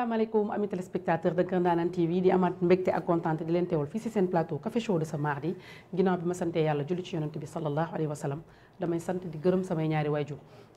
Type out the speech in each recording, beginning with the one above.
asalaamaaleykum amis téléspectateurs de Kër Ndanane TV di amaat mbégte ak kontaante di leen teewal fii si seen plateau café show de ce mardi ginnaaw bi ma sante yàlla julli ci yonent bi sallallahu alayhi wa sallam damay sant di gërëm samay ñaari waajur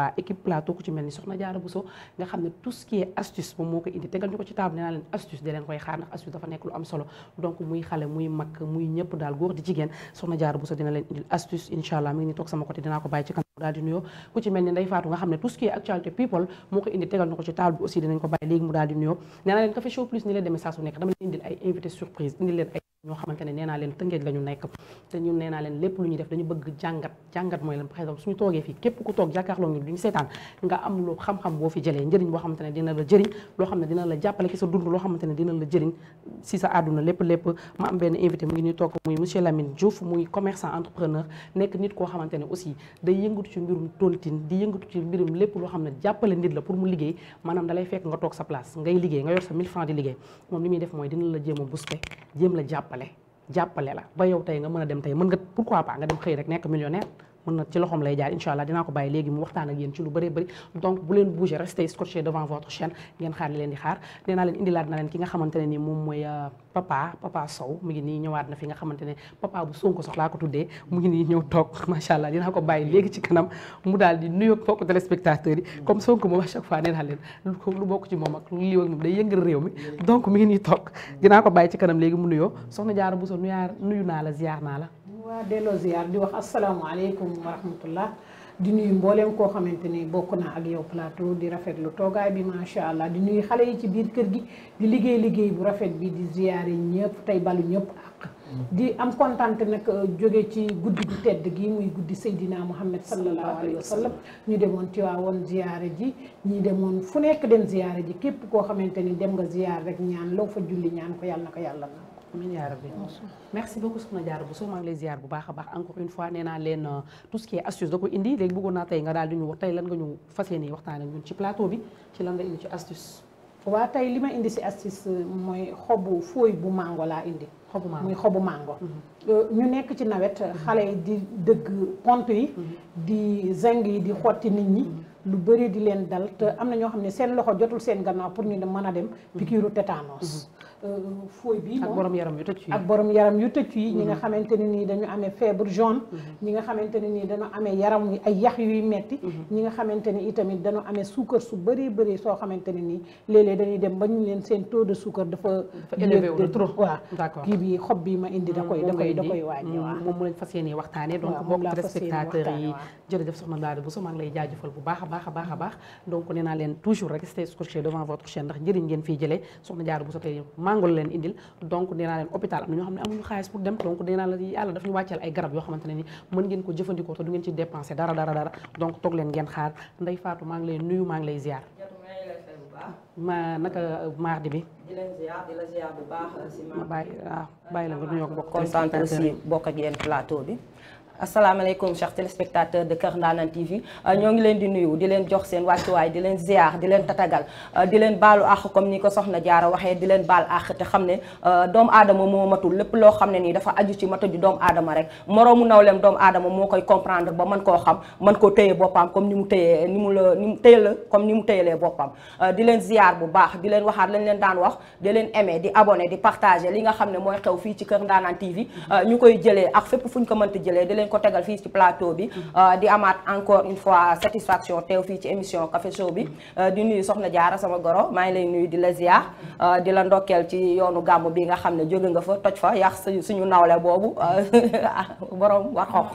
waa équipe plateau ku ci mel ni soxna Diarra Bousso nga xam ne tout astuce moom moo ko indi tegal ñu ko ci table nee naa leen astuce da leen koy xaar ndax astuce dafa nekk lu am solo donc muy xale muy mag muy ñëpp daal góor di jigéen soxna Diarra Bousso dina leen indil astuce incha allah mi ngi toog sama côté dinaa ko bàyyi ci kanam daal di nuyoo ku ci mel ni Ndeye Fatou nga xam ne tout qui actualité people moo ko indi tegal na ko ci table bi aussi dinañ ko bàyyi léegi mu daal di nuyoo nee leen Café Show Plus ni leen demee saa su nekk dama leen indil ay ñu def dañu bëgg jàngat jàngat mooy leen par exemple suñu toogee fii képp ku toog jàkkaarloo ñu seetaan nga am lu xam-xam boo fi jëlee njëriñ boo xamante dina la jëriñ loo xam ne dina la jàppale ci sa dund loo xamante ne yëngatu ci mbirum tontine di yëngatu ci mbirum lépp loo xam ne jàppale nit la pour mu liggéey maanaam dalay fekk nga toog sa place ngay liggéey nga yor sa 1000 francs di liggéey moom li muy def mooy dina la jéem a boosté jéem la jàppale jàppale la ba yow tey nga mën a dem tey mën nga pourquoi pas nga dem xëy rek nekk millionnaire mën na ci loxoom lay jaar incha allah dinaa ko bàyyi léegi mu waxtaan ak yéen ci lu bëree bëri donc bu leen bouger restez scotché devant votre chaîne ngeen xaar li leen di xaar nee naa leen indilaat na leen ki nga xamante ne ni moom euh, papa papa Sow mu ngi nii ñëwaat na fi nga xamante ne papa bu ko soxlaa ko tuddee mu ngi nii ñëw toog macha allah dinaa ko bàyyi léegi ci kanam mu daal di nuyoo mbokku téléspectateurs yi mm. comme Sonko moom a chaque fois nee naa leen lu bokk ci ko bàyyi ci kanam léegi mu nuyoo soxna Jaara Bousso nuyaar nuyu naa la naa la waa delloo ziar di wax asalaamaaleykum wa rahmatullah di nuyu mbooleem koo xamante ni bokk naa ak yow plateau di rafet lu toogaay bi macha allah di nuyu xale yi ci biir kër gi di liggéey liggéey bu rafet bi di ziare ñëpp tey balu ñëpp ak di am kontante nag euh, jóge ci guddi gu tedd gi muy guddi Seydina Muhammad sallallahu alayhi wa sallam ñu demoon Tiwaawoon ziare ji ñi demoon fu nekk dem ziare ji képp koo xamante ni dem nga ziar rek ñaan loo fa julli ñaan ko yàlla ko yàlla amiin yaa rabbi merci beaucoup soxna Diarra Bousso maa ngi lay ziar bu baax a baax encore une fois nee naa leen euh, tout ce qui est astuce da ko indi léegi bëggoon naa tey nga daal di ñu wax tey lan nga ñu fas yéene waxtaan ak bi ci lan nga indi ci astuce. waa tey li ma indi si astuce euh, mooy xobu fooy bu mango laa indi. xobu mango muy xobu mango. Mhm. Euh, ñu nekk ci nawet mhm. xale yi di dëgg pont yi. Mhm. di zing yi di xotti nit ñi. lu bëri di leen dal te am na ñoo xam ne seen loxo jotul seen gannaaw pour ñu mën a dem. piqûre tétanos. Euh, fooy bi ak borom yaram yu tëcc yi ak borom yaram yu tëcc yi ñi nga mhm. xamante ne nii dañu amee feebar jaune mhm. ñi nga xamante ne nii dañu amee yaram ay yax yuy metti mhm. ñi nga xamante ni itamit dañu amee suukar su bëree bari soo xamante ni nii léeg-léeg dañuy dem ba ñu leen seen taux de suukar dafa élevé wu de trop waaw kii bi xob bi ma indi da mm, koy da koy da koy wàññi mm, soxna Ndade Bousso maa ngi lay jaajëfal bu baax a baax a baax a mm-hmm. donc nee leen toujours restez scotché devant votre chaîne ndax njëriñ ngeen fii jëlee soxna Ndade mango leen indil donc nee naa leen hôpital am na ñoo xam ne amuñu xaalis pour dem donc nee naa la yàlla daf ñu wàcceel ay garab yoo xamante ne ni mën ngeen ko jëfandikoo te du ngeen ci dépensé dara dara dara donc toog leen ngeen xaar Ndeye Fatou maa ngi lay nuyu maa ngi lay ziar ma naka mardi bi di leen ziar di la ziar bu baax si ma bàyyi waaw ah, bàyyi la nga nuyoo bokk kontaan aussi bokk ak plateau bi asalaamaaleykum chers téléspectateurs de Kër Ndanane TV euh, ñoo ngi leen di nuyu di leen jox seen wàccuwaay di leen ziar di leen tatagal euh, di leen baalu àq comme nii ko soxna jaara waxee di leen baal àq te xam ne euh, doomu aadama moo matul lépp loo xam ne nii dafa aju ci mata di doomu aadama rek moroomu nawleem doomu aadama moo koy comprendre ba man koo xam mën koo téye boppam comme ni mu téyee ni mu la ni mu téye la comme ni mu téyelee boppam di leen ziar bu baax di leen waxaat lañ leen daan wax di leen aimé di abonné di li nga xam ne mooy xew fii ci Kër Ndanane TV ñu koy jëlee ak fépp fu ñu ko mënti jëlee di leen ko tegal fii ci plateau bi mm-hmm. euh, di amaat encore une fois satisfaction teew fii ci émission Café bi euh, di nuyu soxna jaara sama goro maa ngi lay nuyu di la ziar euh, di la ndokkeel ci yoonu gàmm bi nga xam ne jóge nga fa toj fa yàq suñu nawle boobu borom war xox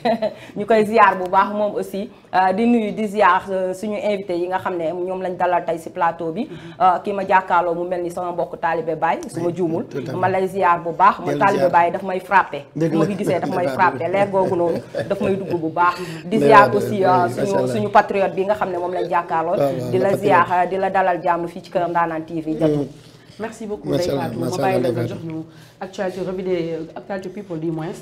ñu koy ziar bu baax moom aussi di nuyu di ziar suñu invité yi nga xam ne ñoom lañ dalal tey si plateau bi mm-hmm. kii ma jàkkaarloo mu mel ni sama mbokk taalibe baay su ma juumul ma lay ziar bu baax ma taalibe baay daf may frappé ma ko gisee googu noonu daf may dugg bu baax di ziar aussi ah, suñu suñu patriote bi nga xam ne moom lañ jàkkaarloo ah, di la ziar di la dalal jàmm fii ci Keur Ndanane TV jatu hmm. merci beaucoup Ndeye ma bàyyi la nga jox ñu actualité revue actualité people du moins.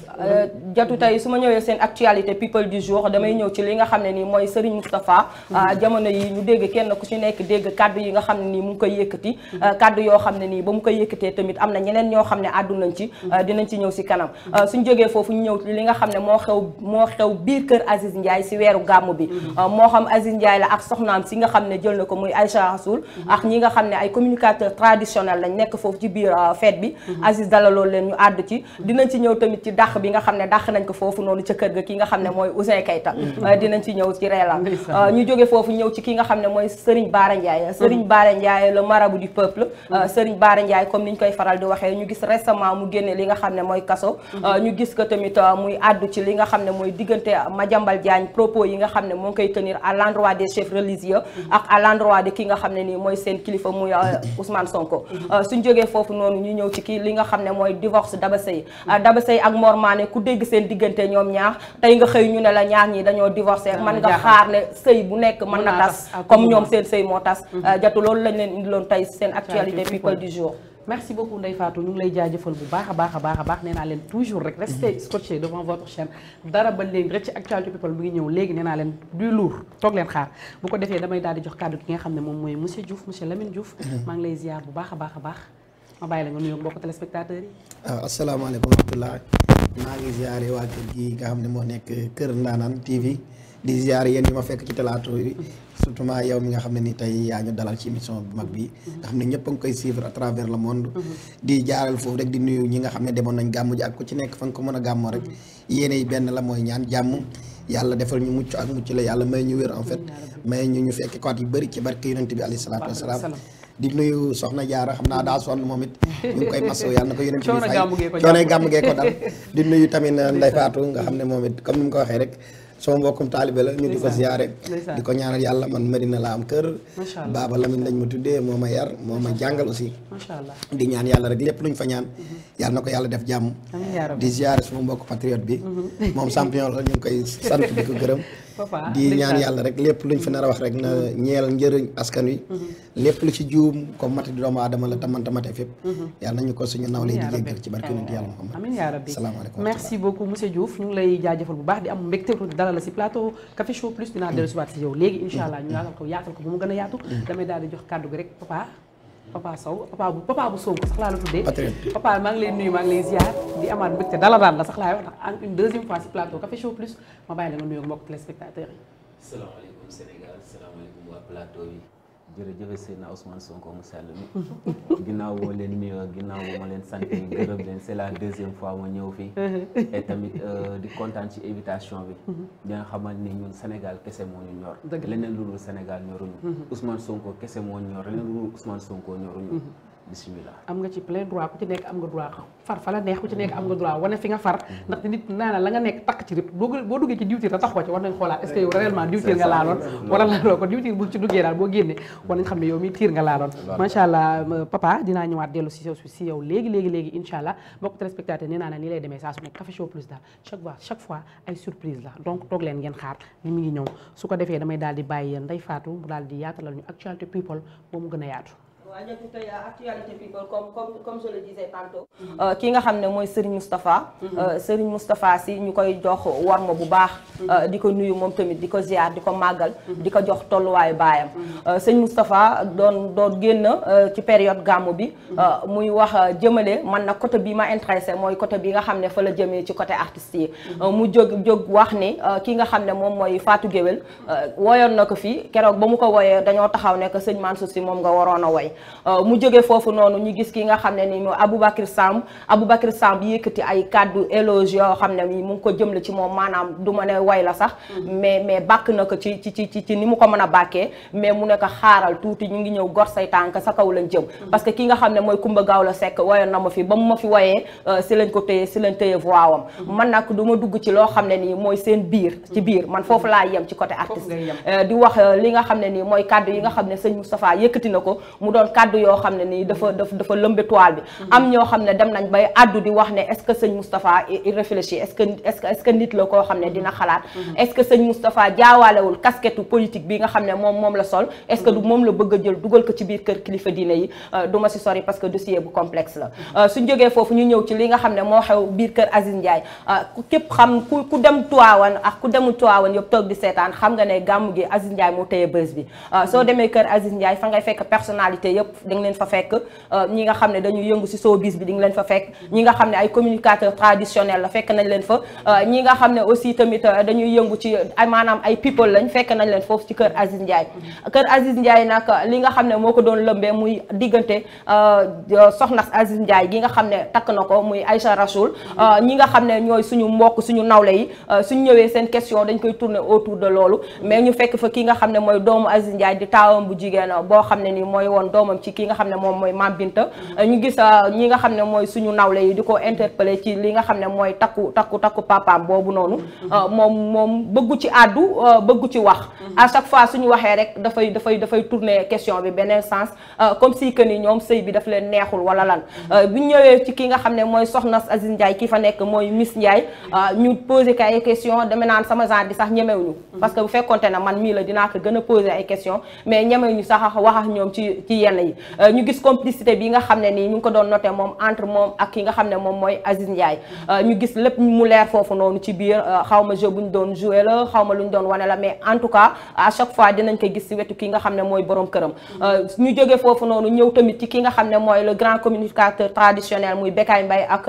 jatu euh, tey su ma ñëwee seen actualité people du jour damay ñëw ci li nga xam ne nii mooy Serigne Moustapha. Mm-hmm. Ah, jamono yi ñu dégg kenn ku ci nekk dégg kaddu yi nga xam ne nii mu ngi koy yëkkati. Mm-hmm. Ah, kaddu yoo xam ne nii ba mu koy yëkkatee tamit am na ñeneen ñoo xam ne àddu nañ ci. Mm-hmm. Ah, dinañ ci ñëw si kanam. suñ jógee foofu ñu ñëw li nga xam ne moo xew moo xew biir kër Aziz Ndiaye si weeru gàmm bi. moo xam Aziz Ndiaye la ak soxnaam si nga xam ne jël na ko muy Aïcha Rasoul ak ñi nga xam ne ay communicateur traditionnel national lañ nekk foofu ci biir euh, fête bi mhm. Aziz dalaloo leen ñu àddu ci mhm. dinañ ci ñëw tamit ci dàq bi nga xam ne dàq nañ ko foofu noonu ca kër ga nga xam ne mhm. mooy Ouzin Keita euh, dinañ ci ñëw ci reela euh, ñu jóge foofu ñëw ci ki nga xam ne mooy Serigne Bara Ndiaye Serigne Bara Ndiaye le marabout du peuple Serigne Bara Ndiaye comme ni ñu koy faral di waxee ñu gis récemment mu génne li nga xam ne mooy kaso ñu gis ko tamit muy àddu ci li nga xam ne mooy diggante Madiambal Diagne propos yi nga xam ne moo ngi koy tenir à l'endroit des chefs religieux ak à de ki nga xam ne nii mooy seen kilifa muy Ousmane Sonko Euh, suñ jógee foofu noonu ñu ñëw ci kii li nga xam ne mooy divorce Daba Seye euh, Daba Seye ak Mor Mané ku dégg seen diggante ñoom ñaar tey nga xëy ñu ne la ñaar ñi dañoo divorcé ah, man nga xaar ne sëy bu nekk mën na tas ah, comme ñoom seen sëy moo tas mm-hmm. euh, jatu loolu lañ leen indiloon tey seen actualité people di jour merci beaucoup Ndeye Fatou ñu ngi lay jaajëfal bu baax a baax a baax a baax nee naa leen toujours rek restez mhm. scotché devant votre chaîne dara ba léegi rek ci actualité people bi ngi ñëw léegi nee leen du lourd toog leen xaar bu ko defee damay daal di jox kàddu ki nga xam ne moom mooy monsieur Diouf monsieur Lamine Diouf mhm. maa ngi lay ziar bu baax a baax a baax ma bàyyi la nga nuyoog mbokk téléspectateurs yi waaw ah, asalaamaaleykum wa rahmatulah maa ngi ziare waa kër gi nga xam ne moo nekk Kër Ndaanaan TV di ziare yéen yi ma fekk ci talaata bi surtout yow mi nga xam ne ni tey yaa ñu dalal ci émission bu mag bi nga xam ne ñëpp a ngi koy suivre à travers le monde mm-hmm. di jaaral foofu rek di nuyu ñi nga xam ne demoon nañ gàmmu ji ak ko ci nekk fa nga ko mën a gàmmoo rek yéene yi benn la mooy ñaan jàmm yàlla defal ñu mucc ak mucc la yàlla may ñu wér en fait mm-hmm. may ñu ñu fekke ko at yu bëri ci barke yonent bi alayhi salaatu wasalaam di nuyu soxna jaara xam naa daa sonn moom it ñu ngi koy masso yàlla na ko yeneen coono gàmm gee ko dal di nuyu tamit uh, Ndeye Fatou nga xam ne moom it comme ni mu ko waxee rek sama mbokkum taalibe la ñu di ko ziyaare di ko ñaanal yàlla ma tuddee moo ma yar moo ma jàngal di ñaan yàlla rek fa ñaan mhm. na ko yàlla def jàmm di ziyaare sama mbokk patriote bi mhm. moom champion la ñu ngi koy sant di ko gërëm di ñaan yàlla rek lépp luñ fi nar a wax rek na mm-hmm. ñeel njëriñ askan wi mm-hmm. lépp lu ci juum comme mati doomu aadama la tamante mate fépp mm-hmm. yàlla nañu ko suñu nawlee di jéggal ci barke nit yàlla Muhammad amiin yaa rabbi merci beaucoup monsieur Diouf ñu ngi lay jaajëfal bu baax di am mbégte dalal la si plateau Café Show Plus dinaa dellusiwaat si yow léegi incha allah ñu yaatal ko yaatal ko bu mu gën a yaatu damay daal di jox kàddu gi rek papa papa Sow papa bu papa bu Sonko sax laa la tuddee. papa maa ngi lay nuyu maa ngi lay ziar di amaat mbégte dala daal la sax laay wax ndax une deuxième fois si plateau Café Show ma bàyyi la nga nuyoog mbokk téléspectateurs yi. salaamaaleykum Sénégal salaamaaleykum waa plateau bi. jërë jërëjëf Seydina Ousmane Sonko mu sell mi ginnaaw boo leen nuyoo ginnaaw boo ma leen sant gërëm leen c'est la deuxième fois ma ñëw fii e tamit euh, di kontaan ci invitation bi di nga xamal ni ñun Sénégal kese moo ñu ñor leneen lu dul Sénégal ñoruñu mhm. Ousmane Sonko kese moo ñor leneen lu dul Ousmane Sonko ñoruñu mhm. bisimilah am nga ci plein droit ku ci nekk am nga droit far fa la nga droit wane fi nga far mm-hmm. ndaxte nit naa na la nga nekk takk ci rib boo duggee ci diwtiir da tax ko ci war nañ xoolaat est-ce que yow réellement diwtiir nga laaloon wala laaloo ko mi tiir nga laaloon macha allah euh, papa dinaa ñëwaat dellu si yow si yow léegi léegi léegi incha allah mbokk téléspectateur nee naa na nii lay demee saa su nekk Café Show Plus daal chaque fois ay surprise la donc toog leen ngeen xaar ni mu ngi ñëw su ko defee damay daal di bàyyi yéen Ndeye Fatou mu daal di yaatalal ñu actualité people ajatutay actualité people comme mm-hmm. euh, ki nga xam ne mooy Serigne Moustapha mm-hmm. euh, Serigne Moustapha si ñu koy jox war ma bu baax mm-hmm. euh, di ko nuyu moom tamit di ko ziar di ko màggal di ko jox tolluwaayu baayam sëñ Moustapha doon doon génn ci période gàmmu bi muy wax jëmale man na côté bi ma intéressé mooy côté bi nga xam ne fa la jëmee ci côté artistes yi mu jóg jóg wax ni ki nga xam ne moom mooy faatu Guewel woyoon na ko fii keroog ba mu ko woyee dañoo taxaw nekk sëñ Mansour si moom nga waroon a woy Euh, mu jóge foofu noonu ñu gis ki nga xam ne abu moom Aboubacar Samb Aboubacar Samb yëkkati ay kàddu éloge yoo xam ne ni mu ngi ko jëmle ci moom maanaam du way la sax mm-hmm. mais mais bàkk na ko ci ci ci ci ni mu ko mën a bàkkee mais mu ne ko xaaral tuuti ñu ngi ñëw gor say tànk sa kaw lañ jëm mm-hmm. parce que ki nga xam ne mooy Kumba Gaaw la Seck na ma fi ba mu ma fi euh, si lañ ko si lañ téye voix am mm-hmm. man nag du ma dugg ci loo xam ne nii mooy seen biir ci biir man foofu laa yem ci côté artiste euh, di wax li nga xam ne nii mooy kàddu yi nga xam ne sëñ Moustapha yëkkati na ko mu doon kàddu yoo xam ne nii dafa dafa lëmbe toile bi am ñoo xam ne dem nañ bay addu di wax ne est-ce que sëñ Moustapha il réfléchit est nit la koo xam ne dina xalaat mm-hmm. est-ce que jaawaalewul casquette politique bi nga xam ne moom moom la sol est du mm-hmm. moom la bëgg a jël dugal ko ci biir kër kilifa diine yi euh, du ma sori parce que dossier bu complexe la mm-hmm. euh, suñ jógee foofu ñu ñëw ci li nga xam ne moo xew biir kër Aziz Ndiaye euh, képp xam ku ku dem tuwaawan ak ku demu yëpp di leen fa fekk euh, ñi nga xam ne dañuy yëngu si showbiz bi di nga leen fa fekk ñi nga xam ne ay communicateur traditionnel la fekk nañ leen fa euh, ñi nga xam ne aussi tamit euh, dañuy yëngu ci maanaam ay people lañ fekk nañ leen foofu ci kër Aziz Ndiaye kër Aziz Ndiaye nag li nga xam ne moo ko doon lëmbee muy diggante soxna Aziz Ndiaye gi nga xam ne takk na ko muy Aïcha Rachoul ñi nga xam ne ñooy suñu mbokk suñu nawle yi suñ ñëwee seen question dañ koy tourner autour de loolu mais ñu doomam ci ki nga xam ne moom mooy Mame Binta ñu gis euh, ñi nga xam ne mooy suñu nawle yi di ko interpellé ci li nga xam ne mooy takku takku takku boobu noonu mm-hmm. euh, moom moom bëggu ci àddu euh, bëggu ci wax a mm-hmm. chaque fois suñu waxee rek dafay dafay dafay tourner question bi beneen sens comme si que ni ñoom sëy bi daf leen neexul wala lan mm-hmm. bu ñu ñëwee ci ki nga xam ne mooy soxna Aziz Ndiaye ki fa nekk mooy Miss Ndiaye ñu posé ko ay question dama naan sama genre di sax ñemewuñu parce que bu fekkonte ne man mii la dinaa ay question yàlla yi euh, ñu gis complicité bi nga xam ne nii ñu ngi doon noté moom entre moom ak ki nga xam ne moom mooy Aziz Ndiaye euh, euh, ma jeu bu ñu doon ma lu doon wane la mais en tout cas à chaque fois dinañ ko gis mooy borom këram ñu jógee foofu noonu ñëw tamit ki nga xam ne mooy le grand communicateur traditionnel muy Bekaay Mbaye ak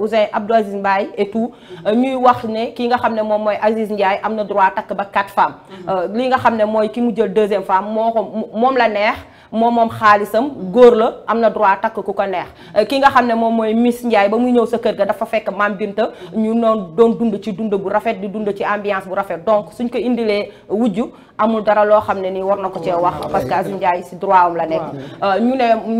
Ousseyn Abdou Aziz Mbaye et tout ne ki nga xam ne moom mooy Aziz Ndiaye am na droit takk ba quatre femmes mm-hmm. li nga xam ne mooy ki mu jël deuxième femme moom la neex moom moom xaalisam góor la am na droit takk ku ko neex euh, ki nga xam ne moom mooy Miss Ndiaye ba muy ñëw sa kër ga dafa fekk Mame Binta ñu noon doon dund ci dund bu rafet di dund ci ambiance bu rafet donc suñ ko indilee wujj amul dara loo xam ne nii war na ko cee wax parce que Aziz Ndiaye si droit am la nekk euh, ñu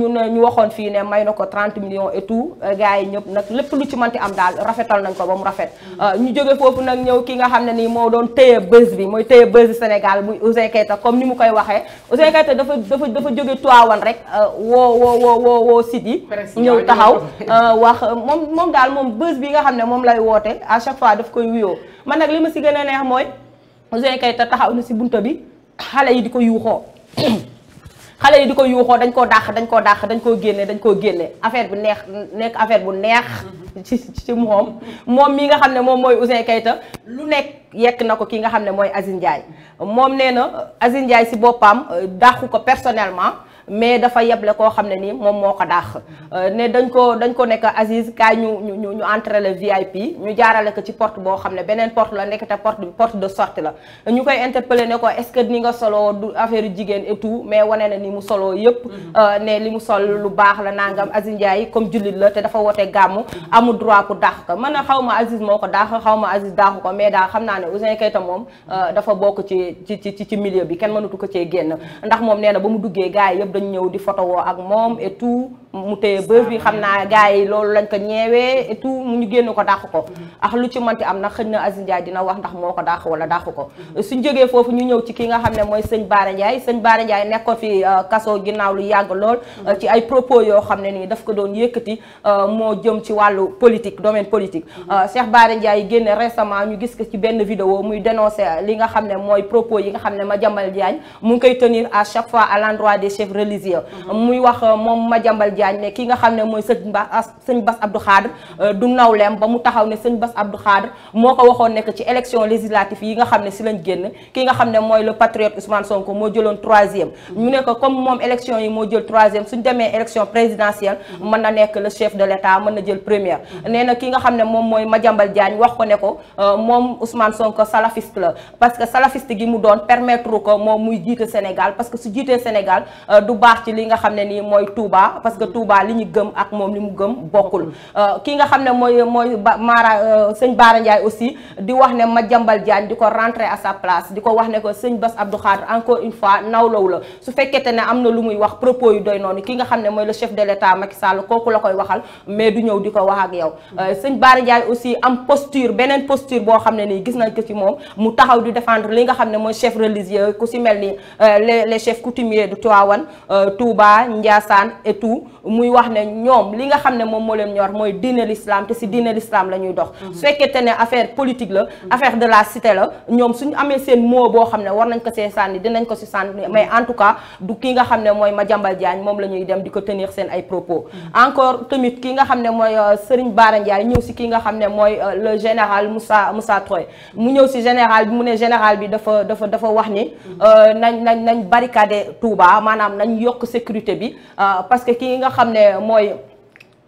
ne ñu waxoon fii ne may na ko 30 millions et tout euh, gars yi ñëpp nag lépp lu ci manti am daal rafetal nañ ko ba rafet mm. euh, ñu jóge foofu nag ñëw ki nga xam ne nii moo doon téye bës bi mooy téye bës Sénégal muy Ouzin comme ni mu koy waxee Ouzin Keita dafa dafa dafa jóge tuwaawan rek woo woo woo woo woo sit yi ñëw taxaw wax moom moom moom bës bi nga xam ne moom lay woote à chaque fois daf koy wuyoo man nag li ma si gën a neex mooy Ouzin Keita taxaw na si bunt bi xale yi di ko yuuxoo xale yi di ko yuuxoo dañ koo dàq dañ koo dàq dañ koo génne dañ koo génne affaire bu neex nekk affaire bu neex mm-hmm. ci ci moom moom mii nga xam ne moom mooy Ouzin Keita lu nekk yekk na ko kii nga xam ne mooy Aziz Ndiaye moom nee na Aziz si boppam euh, dàqu ko personnellement mais dafa yeble koo xam ne nii moom moo ko daax euh, ne dañ ko dañ ko nekk Aziz kaay ñu ñu ñu ñu entrer le VIP ñu jaarale ko ci porte boo xam ne beneen porte la nekk te porte porte de sortie la ñu koy interpeller ne ko est-ce que ni nga solo du affaire jigéen et mais wane na ni mu solo yëpp mm-hmm. euh, ne li mu sol lu baax la nangam Aziz Ndiaye comme jullit la te dafa wote gàmmu amul droit pour daax ko mën na xaw ma Aziz moo ko daax xaw ma Aziz daaxu ko mais daal xam naa ne Ouzin Keita moom euh, dafa bokk ci ci ci ci milieu bi kenn mënatu ko cee génn na ba mu duggee gars yi dañ ñëw di photo woo ak moom et tout mu téye bës bi xam naa gars loolu lañ ko ñeewee tout mu ñu génn ko dàq ko mm-hmm. ak lu ci manti am na xëy na Aziz dina wax ndax moo ko dàq wala dàq ko mm-hmm. suñ jógee foofu ñu ñëw ci ki nga xam ne mooy sëñ Bara Ndiaye sëñ Bara Ndiaye nekkoon fi euh, kaso ginnaaw lu yàgg lool mm-hmm. euh, ci ay propos yoo xam ne nii daf ko doon yëkkati euh, moo jëm ci wàllu politique domaine politique Cheikh Bara Ndiaye génne récemment ñu gis ko ci benn video muy dénoncer li nga xam ne mooy propo yi nga xam ne Madiambal Diagne mu ngi koy tenir à chaque fois à l'endroit des chefs religieux Diagne ne ki nga xam ne mooy sëñ Bass sëñ Bass Abdou Khadre euh, du nawleem ba mu taxaw ne sëñ Bass Abdou Khadre moo ko waxoon nekk ci élection législative yi nga xam ne si lañ génn ki nga xam ne mooy le patriote Ousmane Sonko moo jëloon troisième ñu ne ko comme moom élection yi moo jël troisième suñ demee élection présidentielle mën na nekk le chef de l'État mën na jël première nee ki nga xam ne moom mooy Madiambal Diagne wax ko ne ko euh, moom Ousmane Sonko salafiste la parce que salafiste gi mu doon permettre ko moom muy jiite Sénégal parce que su jiitee Sénégal euh, du Touba li ñu gëm ak moom li mu gëm bokkul euh, ki nga xam ne mooy mooy Mara euh, sëñ Baara Ndiaye aussi di wax ne Madiambal Diagne di ko rentre à sa place di ko wax ne ko sëñ Bass Abdou Khadre encore une fois nawlaw la su fekkente ne am na lu muy wax propos yu doy noonu ki nga xam ne mooy le chef de l'État Macky Sall kooku la koy waxal mais du ñëw di ko wax ak yow euh, mm. sëñ Baara Ndiaye aussi am posture beneen posture boo xam ne nii gis nañ ko ci moom mu taxaw di défendre li nga xam ne mooy chef religieux ku si mel ni les les chefs coutumiers de Tivaouane Touba Ndiassane et tout muy wax ne ñoom li nga xam ne moom moo leen ñor mooy diine l'islam te si diine l'islam la ñuy dox mhm. su fekkee ne affaire politique la mhm. affaire de la cité la ñoom suñu amee seen moo boo xam ne war nañ ko see sànni dinañ ko si sànni mhm. mais en tout cas du ki nga xam ne mooy Madiambal Diagne moom lañuy dem di ko tenir seen ay propos encore tamit ki nga xam ne mooy euh, Serigne Bara Ndiaye ñëw si ki nga xam ne mooy euh, le général Moussa musa Troy mu ñëw si général bi mu ne général bi dafa dafa dafa wax ni euh, nañ nañ nañ barricade Touba maanaam nañ yokk sécurité bi xam ne mooy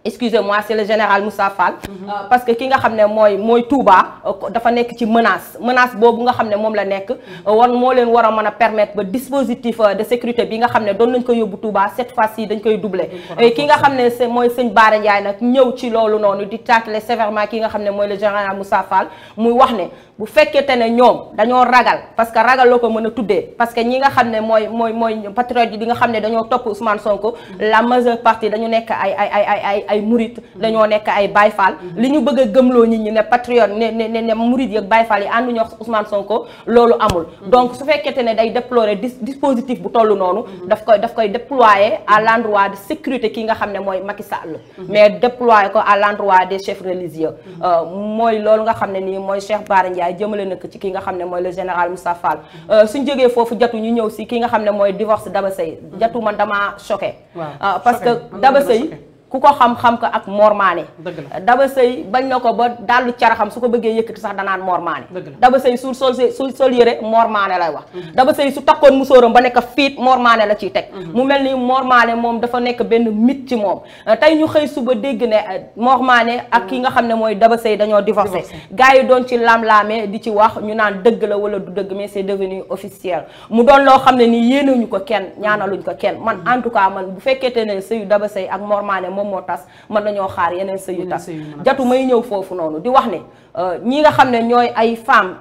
excusez-moi c'est le général Moussa mhm. euh, parce que ki nga xam ne mooy mooy Touba euh, dafa nekk ci menace menace boobu nga xam ne moom la nekk. Mhm. Euh, war moo leen war a mën a permettre ba dispositif de sécurité bi nga xam ne doon nañ ko yóbbu Touba cette fois-ci dañ koy doubler. ki nga xam ne c'est mooy sëñ Bara Ndiaye nag ñëw ci loolu noonu di tàkkale sévèrement ki nga xam ne mooy le général Moussa Fall muy wax ne. bu fekkente ne ñoom dañoo ragal parce que ragal loo ko mën a tuddee parce que ñi nga xam ne mooy mooy mooy patriote yi bi nga xam ne dañoo topp Ousmane Sonko la majeure partie dañu nekk ay ay ay murit dañoo nekk ay Baye Fall li ñu bëgg a gëmloo nit ñi ne patriote ne ne ne murit yi ak Baye Fall yi ànduñu ak Ousmane Sonko loolu amul donc su fekkente ne day déplorer dispositif bu toll noonu daf koy daf koy déployer à l'endroit de sécurité ki nga xam ne mooy Macky Sall mais déployer ko à l'endroit des chefs religieux euh, mooy loolu nga xam ne nii mooy Cheikh Ndiaye jëmale na ci ki nga xam ne mooy le général Moussa Fall euh, suñ jógee foofu jatu ñu ñëw si ki nga xam ne mooy divorce Daba Seye jatu man damaa choqué euh, parce que Daba Seye ku ko xam-xam ko ak mormaane daba sëy bañ na ko ba dallu xam su ko bëggee ti sax danaan mormaane daba sëy su sol su sol yëre mormaane lay wax mhm. daba sëy su takkoon musóoram ba nekk fiit mormaane la ciy teg mhm. mu mel ni mormaane moom dafa nekk benn mit ci moom euh, tey ñu xëy suba dégg ne euh, mormaane ak ki nga xam ne mooy daba sëy dañoo divorcé gars yi doon ci lam-laame di ci wax ñu naan dëgg la wala du dëgg mais c'est devenu officiel mu doon loo xam ne ni yéenewuñu ko kenn ñaanaluñ ko kenn man mhm. en tout cas man bu fekkee te ne sëyu moom moo tas mën ñoo xaar yeneen sëy yu tas jatu may ñëw foofu noonu di wax ne euh, ñi nga xam ne ñooy ay femmes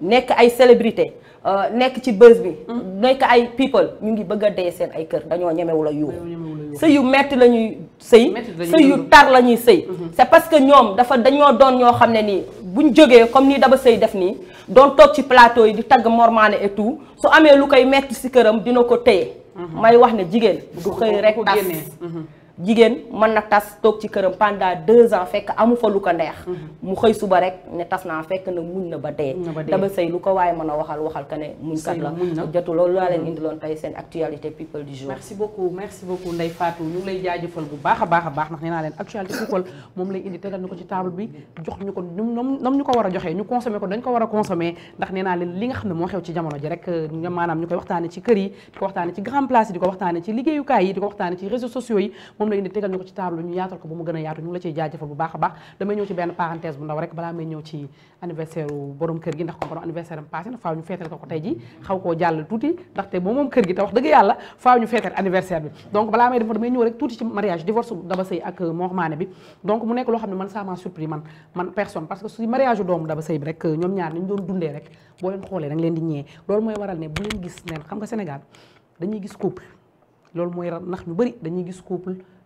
nekk ay célébrité euh, nekk ci bës bi hmm. nekk ay people ñu ngi bëgg a dee seen ay kër dañoo ñemewul a yuuxu sëy yu metti la ñuy sëy sëy yu tar la ñuy sëy hmm. c'est parce que ñoom dafa dañoo doon ñoo xam ne nii buñ jógee comme nii dama sëy def nii doon toog ci plateau yi di tagg mormaane et tout su amee lu koy metti si këram dina ko téye hmm. may wax ne jigéen du xëy jigéen man na tas toog ci këram pendant deux ans fekk amu fa lu ko neex mhm. mu xëy suba rek ne tas naa fekk na muñ na ba dee daba sëy lu ko waaye mën a waxal waxal que ne muñ kat la jotu loolu laa leen mhm. indiloon tey seen actualité people du jour merci beaucoup merci beaucoup Ndeye Fatou ñu ngi lay jaajëfal bu baax a baax a baax ndax nee naa leen actualité people moom lay indi tegal ñu ko ci table bi jox ñu ko ñoom ñu ko war a joxee ñu consommé ko dañ ko war a consommé ndax nee nga xam ne moo xew ci jamono ji rek euh, maanaam ñu koy waxtaane waxtaane ci grand yi di ko waxtaane ci moom la indi tegal ñu ko ci table ñu yaatal ko ba mu gën a yaatu ñu la ciy jaajëfal bu baax a baax damay ñëw ci benn parenthèse bu ndaw rek balaa may ñëw ci anniversaire u borom kër gi ndax comme borom anniversaire am passé na faaw ñu feetal ko ko ji xaw koo jàll tuuti ndaxte moom moom kër gi te wax dëgg yàlla faaw ñu feetal anniversaire bi donc balaa may def damay ñëw rek tuuti ci mariage divorce Daba Seye ak Mohamane bi donc mu nekk loo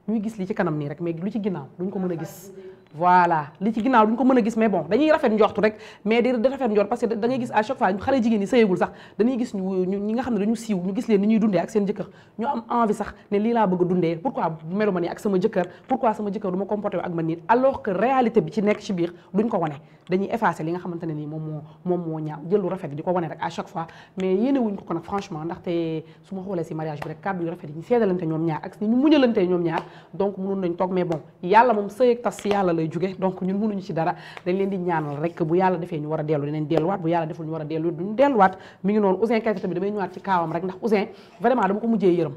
ñuy gis lii ci kanam nii rek mais lu ci ginnaaw duñ ko mën a gis voilà li ci ginnaaw duñ ko mën a gis mais bon dañuy rafet njortu rek mais di rafet njort parce que da ngay gis à chaque fois xale jigéen ñi sëyagul sax dañuy gis ñu ñi nga xam ne dañu siiw ñu gis leen ni ñuy dundee ak seen jëkkër ñu am envie sax ne lii laa bëgg a dundee pourquoi melu ma nii ak sama jëkkër pourquoi sama jëkkër du ma comporté ak man nii alors que réalité bi ci nekk ci biir duñ ko wane dañuy effacer li nga xamante ne nii moom moo moom moo ñaaw jël lu rafet di ko wane rek à chaque fois mais yéene wuñ ko ko nag franchement ndaxte su ma xoolee si mariage bi rek kàddu yu rafet yi ñu seedalante ñoom ñaar ak ñu muñalante ñoom ñaar donc mënoon nañ toog mais bon yàlla moom sëy ak tas si yàlla lay jóge donc ñun mënuñu ci dara dañ leen di ñaanal rek bu yàlla defee ñu war a dellu dinañ delluwaat bu yàlla deful ñu war a dellu duñu delluwaat mi ngi noonu Ousin Keita tamit damay ñëwaat ci kaawam rek ndax Ousin vraiment dama ko mujjee yërëm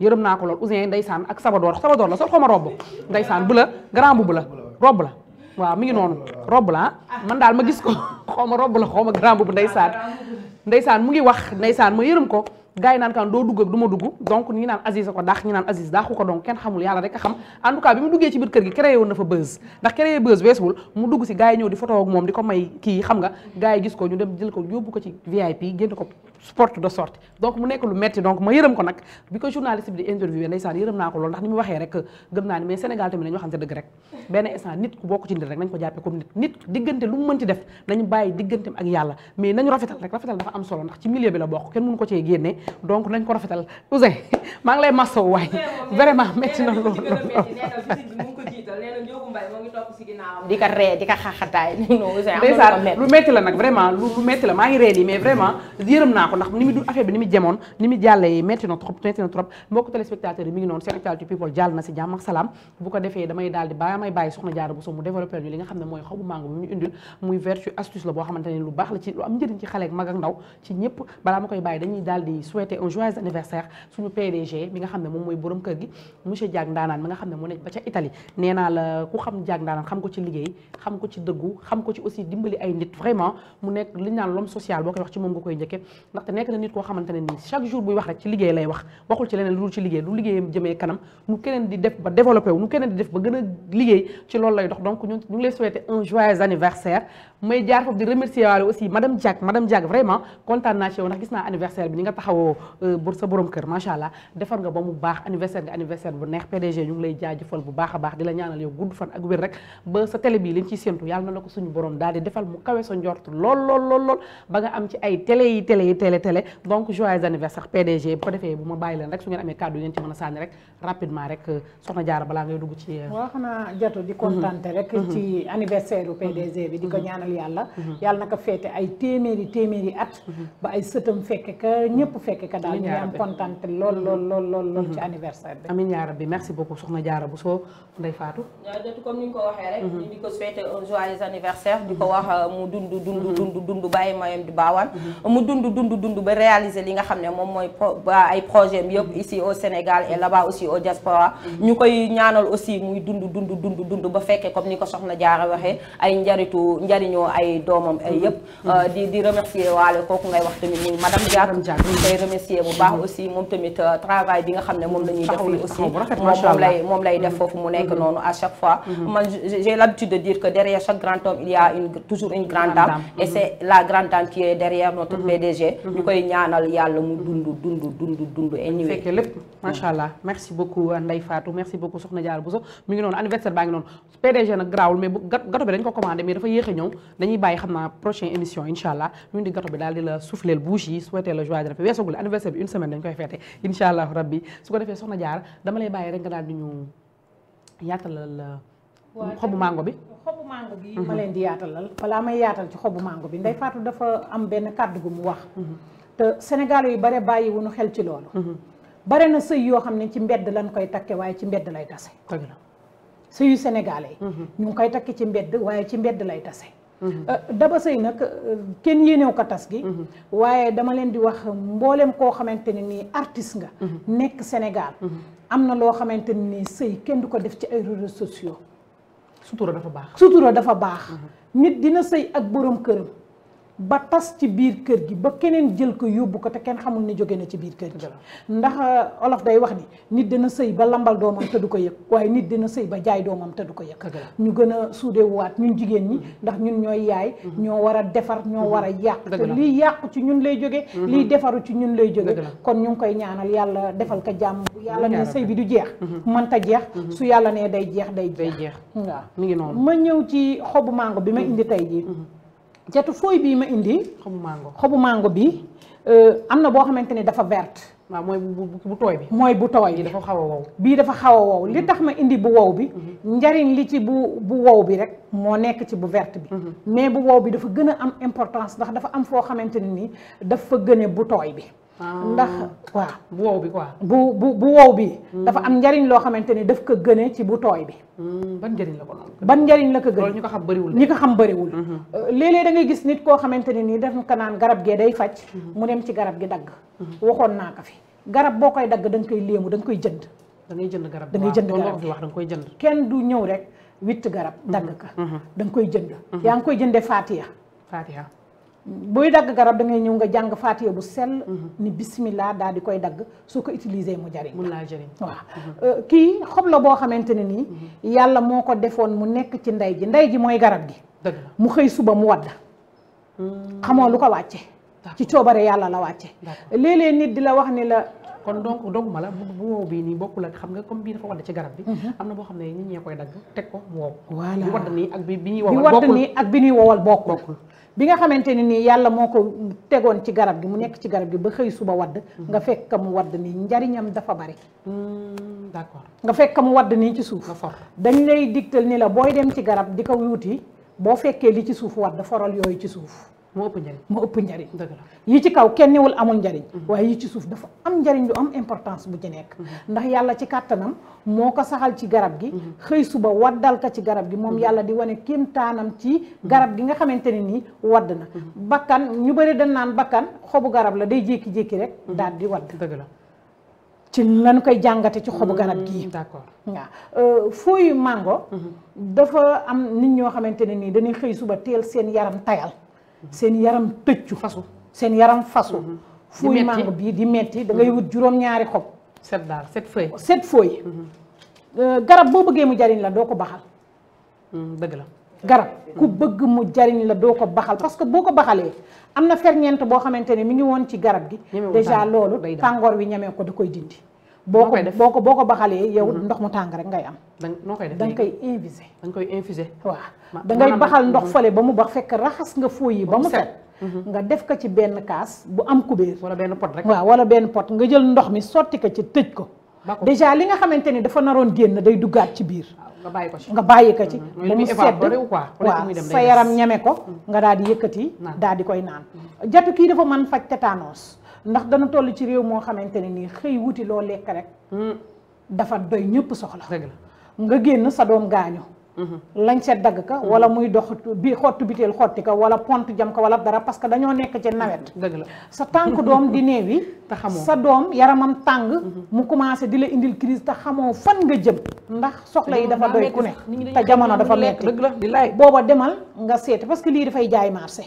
yërëm naa ko lool Ousin ndeysaan ak Sabadoor Sabadoor la sol xoma robb ndeysaan bu la grand bu la robb la waaw mi ngi noonu rob la man daal ma gis ko xaw ma robb la xaw ma grand boobu ndeysaan ndeysaan mu ngi wax ndeysaan ma yërëm ko gars yi naan kan doo dugg ak du ma dugg donc ñi naan Aziz a ko daax ñi naan Aziz daaxu ko donc kenn xamul yàlla rek a xam en tout cas bi mu duggee ci biir kër gi créé woon na fa buzz ndax créé buzz weesuwul mu dugg si gars yi ñëw di photo ak moom di ko may kii xam nga gars gis ko ñu dem jël ko yóbbu ko ci VIP génn ko porte de sortie donc mu nekk lu metti donc ma yërëm ko nag bi ko journaliste bi di interviewé ndeysaan yërëm naa ko loolu ndax ni mu waxee rek gëm naa ni mais Sénégal tamit nañu mu mënti am solo ndax ci milieu bi la bokk kenn mënu ko cee génne donc nañ ko rafetal na loolu di ko lu metti la nag vraiment lu metti la maa ngi ree mais vraiment yërëm naa naa ko ndax ni mu du affaire bi ni mu jemoon ni mu jàllee metti na trop metti na trop mbokk téléspectateurs yi mi ngi noonu seen actualité people jàll na si jàmm salaam bu ko defee damay daal di bàyyi may bàyyi soxna Diarra Bousso mu développé ñu li nga xam ne mooy xaw bu bi ñu indil muy vertu astuce la boo xamante ne lu baax la ci lu am njëriñ ci xale ak mag ndaw ci ñëpp balaa ma koy bàyyi dañuy daal di souhaiter un joyeux anniversaire suñu PDG mi nga xam mooy borom kër gi monsieur Diack Ndaanaan ne moo nekk ba ca Italie xam Diack ci liggéey xam xam ko ci aussi dimbali ay nit vraiment mu nekk li naan l'homme social boo koy wax ci moom nga koy ndaxte nekk na nit koo xamante ne nii chaque jour buy wax rek ci liggéey lay wax waxul ci leneen lu dul ci liggéey lu liggéeyam jëmee kanam nu keneen di def ba développé wu nu keneen di def ba gën a liggéey ci loolu lay dox donc ñu ngi lay souhaiter un joyeux anniversaire may jaar foofu bu di la ñaanal yow gudd fan ak ma bàyyi leen rek su ngeen amee kàddu yi ngeen ci mën a sànni jatu euh, euh, di kontaante rek mhm. ci anniversaire PDG bi di ko mhm. ñaanal ñaanal yàlla yàlla naka feete ay téeméeri téeméeri at ba ay sëtam fekke ka ñëpp fekke ka daal ñu am kontaan lool lool lool lool lool ci mhm. anniversaire bi amiin yaa rabbi merci beaucoup soxna Diarra Bousso Ndeye Fatou jot comme ni mhm. euh, mu dund dund mhm. dund dund dund ba réaliser li nga xam ne moom mooy ay projet bi yëpp ici au Sénégal et là-bas aussi au diaspora ñu koy ñaanal aussi muy dund dund ba fekkee comme ni ko soxna Diarra waxee ay njaritu njariñu ñoo ay doomam ay mm-hmm. yëpp euh, mm-hmm. di di remercier waale kooku ngay wax tamit muy madame Diack koy mm-hmm. remercier bu baax aussi moom tamit euh, travail bi nga xam ne moom la ñuy def aussi moom lay moom lay def foofu mu nekk noonu à chaque fois man j'ai l'habitude de dire que derrière chaque grand la grande dame qui est derrière d PDG ñu koy ñaanal yàlla mu dund dund dund dund anyway fekkee lépp macha allah merci beaucoup euh, Ndeye Fatou merci beaucoup Soxna Diarra Bousso mi ngi noonu anniversaire baa ngi noonu PDG nag garaawul mais gâteau bi dañ ko commande mais dafa yéex a ñëw dañuy bàyyi xam naa prochaine émission incha allah ñun di gato bi daal di la souffleel bouche yi souhaité la joie de fête weesagul anniversaire bi une semaine dañ koy feete incha allah rabbi su ko defee soxna jaar dama lay bàyyi rek nga daal di ñu yaatalal euh, xobu mango bi xobu mango bi mhm. ma leen di yaatalal balaa may yaatal ci xobu mango bi Ndeye Fatou dafa am benn kàddu gu mu wax mhm. te Sénégal yu bare bàyyi wuñu xel ci loolu mhm. bare na sëy yoo xam ne ci mbedd lañ koy takkee waaye ci mbedd lay tase sëyu Sénégalais yi ñu ngi koy takke ci mbedd waaye ci mbedd lay tase Euh, Daba Seye nag euh, kenn yéenew ko tas gi mhm. waaye dama leen di wax mbooleem koo xamante ne nii artiste nga mhm. nekk Sénégal mhm. am na loo xamante ni nii sëy kenn du ko def ci ay réseaux sociaux sutura dafa baax sutura dafa baax nit dina sëy ak borom këram ba tas ci biir kër gi ba keneen jël ko yóbbu ko te kenn xamul ne jóge na ci biir kër gi ndax euh, olof day wax di nit dana sëy ba lambal doomam te du ko yëg waaye nit dana sëy ba jaay doomam te du ko yëg ñu gën a suudewaat ñun jigéen ñi mm-hmm. ndax ñun ñooy yaay mm-hmm. ñoo war a defar ñoo mm-hmm. war a yàq te lii yàqu ci ñun lay jóge lii defaru ci ñun lay jóge kon ñu ngi koy ñaanal yàlla defal ko jàmm bu yàlla ne sëy bi du jeex man ta jeex su yàlla nee day jeex day jeex waaw mi ngi noonu ma ñëw ci xobu mango bi ma indi tey jii jatu fooy bii ma indi. xobu mango xobu mango bi euh, am na boo xamante ni dafa verte. waaw mooy bu tooy bi. mooy bu tooy bi dafa xaw a wow. bii dafa xaw a wow li mm-hmm. tax ma indi bu wow bi. Mm-hmm. njariñ li ci bu bu wow bi rek moo nekk ci bu vert bi. Mm-hmm. mais bu wow bi dafa gën a am importance ndax dafa am foo xamante ne ni dafa gëne bu tooy bi. ndax ah. waaw bu wow bi quoi bu bu bu wow bi hmm. dafa am njariñ loo xamante ni daf ko gëne ci bu tooy bi hmm. ban njariñ la ko ban njariñ la ko gëne ñi ko xam bëriwul ñi ko xam bëriwul hmm. euh, léeg-léeg da gis nit koo xamante ne nii daf ko naan garab gee day faj mu dem ci garab gi dagg waxoon naa ko fi garab boo koy dagg da koy léemu da koy jënd da jënd garab da ngay wax da koy jënd kenn du ñëw rek witt garab dagg ka da nga koy jënd yaa ngi koy jënde faatiya faatiya buy dagg garab da ngay ñëw nga jàng faatiya bu sell mhm. ni bismillah daal di koy dagg soo ko utiliser mu jariñ mun laa jariñ waaw mhm. euh, kii xob la boo xamante ne nii mhm. yàlla moo ko defoon mu nekk ci ndey ji ndey ji mooy garab gi mu xëy suba mu wadd hmm. xamoo lu ko wàcce ci coobare yàlla la wàcce léeg-léeg nit di la wax ni la kon donc dogu ma la bu wow bii nii bokkul xam nga comme bii dafa wadd ci garab bi am na boo xam ne nit ñee koy dagg teg ko mu wow voilà wadd nii ak bi bi ñuy wowal bokkul bi nga xamante ne nii yàlla moo ko tegoon ci garab gi mu nekk ci garab gi ba xëy suba wadd mm-hmm. nga fekk mu wadd nii njariñam dafa bari mm, d'accord nga fekk mu wadd nii ci suuf dañ lay digtal ni la booy dem ci garab di ko wuti boo fekkee li ci suuf wadd foral yooyu ci suuf moo ëpp njariñ moo ëpp yi ci kaw kenn newul amul njariñ mm-hmm. waaye yi ci suuf dafa am njariñ lu am importance bu ci nekk mm-hmm. ndax yàlla ci kàttanam moo ko saxal ci garab gi mm-hmm. xëy suba waddal ko ci garab gi moom yàlla di wane kéem taanam ci garab gi nga xamante ne nii wadd na bakkan ñu bëri dañ naan bakkan xobu garab la day jékki-jékki rek daal di wadd la ci lañ koy jàngate ci xobu garab gii mm, d'accord waaw euh, fooyu mango dafa am nit ñoo xamante ne nii dañuy xëy suba teel seen yaram tayal seen yaram tëccu fasu seen yaram fasu mhm. fuuy mango bii di metti da ngay mhm. wut juróom-ñaari xob set daal set feuille set feuille mhm. euh, garab boo bëggee mu jariñ la doo ko baxal dëgg la garab ku bëgg mu jariñ la doo ko baxal parce que boo ko baxalee am na ferñeent boo xamante ne mu ngi woon ci garab gi déjà loolu tàngoor wi ñamee ko da koy dindi boo ko boo ko boo ko baxalee yow mm-hmm. ndox mu tàng rek ngay am. noo koy def da koy invisé. da nga koy infusé. waaw da ngay baxal ndox mm-hmm. fale ba mu bax fekk raxas nga yi ba mu set. Mm-hmm. nga def ko ci benn kaas bu am kubéer. wala benn pot rek waaw wala benn pot nga jël ndox mi sotti ko ci tëj ko. déjà li nga xamante ni dafa naroon génn day duggaat ci biir. nga bàyyi ko ci nga bàyyi ko ci. ba mu sedd waaw sa yaram ñeme ko. nga daal di yëkkati. daal di koy naan. jatu kii dafa mën faj tétanos ndax dana toll ci réew moo xamante ne nii xëy wuti loo lekk rek. Hmm. dafa doy ñëpp soxla. nga génn sa doom gaañu. Hmm. lañ seet dagg ka hmm. wala muy dox bi xottu biteel xotti ka wala pont jam ka wala dara parce que dañoo nekk ci nawet. dëgg la sa tànk doom di néewi. te xamoo sa doom yaramam tàng. mu commencé di la indil crise te xamoo fan nga jëm. ndax soxla yi dafa doy ku ne. te jamono dafa metti dëgg la booba demal nga seeti parce que lii dafay jaay marché.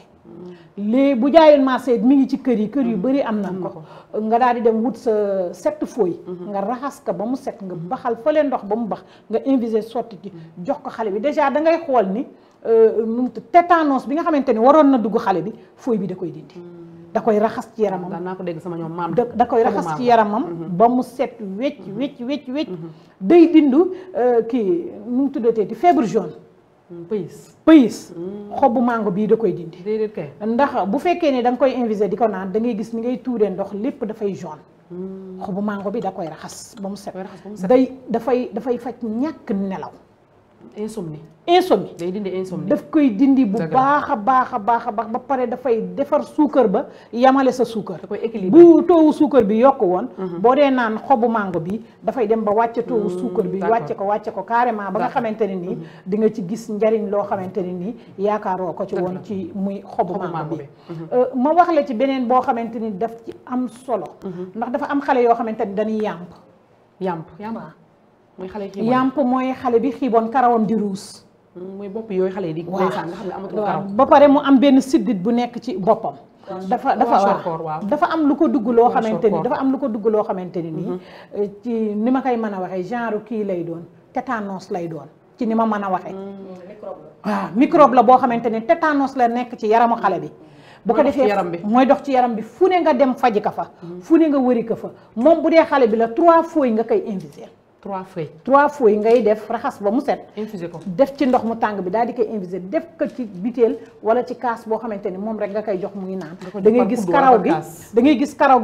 léegi bu jaayoon marché mi ngi ci kër yi kër yu mm-hmm. bëri am na ko mm-hmm. nga daal di dem wut sa set fooy mm-hmm. nga raxas ko ba mu set nga baxal fële ndox ba mu bax nga invisé sotti ki jox ko xale bi dèjà da ngay xool ni euh, te tétanos bi nga xamante ni waroon na dugg xale bi fooy bi da koy dindi da koy raxas ci yaramam daan naa ko dégg sama ñoom maam da koy raxas ci yaramam ba mu set wecc wecc wecc wecc day dindu euh, kii nu mu tuddatee di fièvre jaune pëyis pëyis mm. xobu mango bii da koy dindi. ndax bu fekkee ne da koy invisé di ko naan da ngay gis ni ngay tuuree ndox lépp dafay jaune. Mm. xobu mango bi da koy raxas ba mu set. day dafay dafay faj ñàkk nelaw. insomnie insomnie day dindi insomnie daf koy dindi bu baax a baax a baax a baax ba pare dafay defar suukar ba yamale sa suukar bu toowu suukar bi yokk woon mhm. boo dee naan xobu màngo bi dafay dem ba wàcce toowu mm, suukar bi wàcce ko wàcce ko carrément ba nga xamante ne nii mhm. di nga ci gis njariñ loo xamante ne nii yaakaaroo ko ci woon ci muy xobu mango bi mhm. euh, ma wax la ci beneen boo xamante ni daf ci am solo ndax dafa am xale yoo xamante ni dañuy yàmp yàmp yàmp mooy xale xiibon yàmp mooy xale bi xiiboon karawam di ruus. mooy mm, bopp yooyu xale yi di. waaw xam ne amatul karaw ba pare mu am benn siddit bu nekk ci boppam. dafa dafa dafa am lu ko dugg loo xamante ni dafa am lu ko dugg loo xamante ni nii. Mm-hmm. ci ni ma koy mën a waxee genre kii lay doon tétanos lay doon ci ni ma mën a waxee. Mm, microbe la waaw microbe la boo xamante ni tétanos la nekk ci yaramu xale bi. Mm. bu ko defee mooy dox ci yaram bi fu ne nga dem faji ka fa. fu ne nga wëri ka fa moom bu dee xale bi la trois fois nga koy invité. trois feuilles trois feuilles ngay def raxas ba mu set. infuser ko def ci ndox mu tàng bi daal di koy infuser def ko ci butéel wala ci kaas boo xamante ni moom rek nga koy jox muy naan. da ngay gis karaw gi da ngay gis karaw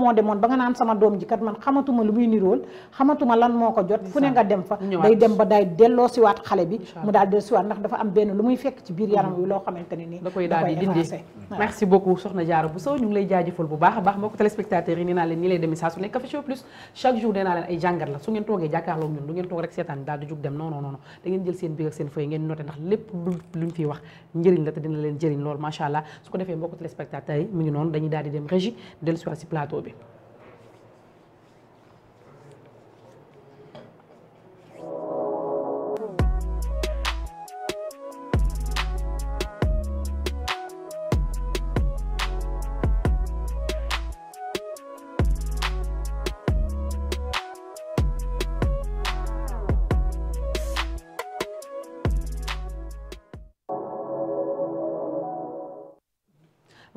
moo demoon ba nga naan sama doom ji kat man xamatuma lu muy nirool xamatuma lan moo ko jot. fu ne nga dem fa day dem ba day delloo siwaat xale bi. mu daal delloo siwaat ndax dafa am benn lu muy fekk ci biir yaram wi mm-hmm. loo xamante ne nii. koy daal di dindi merci beaucoup soxna Diarra Bousso ñu ngi lay jaajëfal bu baax a baax mbokk téléspectateurs yi jàngat la su ngeen toogee jàkkaarloo ñun du ngeen toog rek seetaan daal di jug dem non non jël seen biir ak seen feuille ngeen noté ndax lépp luñ fiy wax njëriñ la te dina leen jëriñ lool macha allah su ko defee mbokk téléspectateurs yi mu ngi noonu dañuy daal di dem régie dellu si plateau bi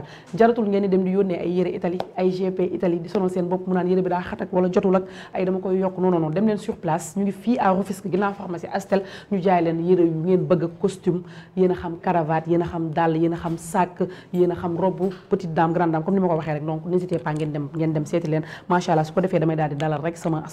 confortable jaratul ngeen di dem di yónnee ay yére Italie ay GP Italie di sonal seen bopp mu naan yére bi daa xat ak wala jotul ak ay dama koy yokk non non dem leen sur ñu ngi fii à Rufisque ginnaaw pharmacie Astel ñu jaay leen yére yu ngeen bëgg costume yéen xam cravate yéen xam dàll yéen xam sac yéen xam robe petite dame grande dame comme ni ma ko waxee rek donc n'hésitez pas ngeen dem seeti leen macha allah su ko defee damay daal di dalal rek sama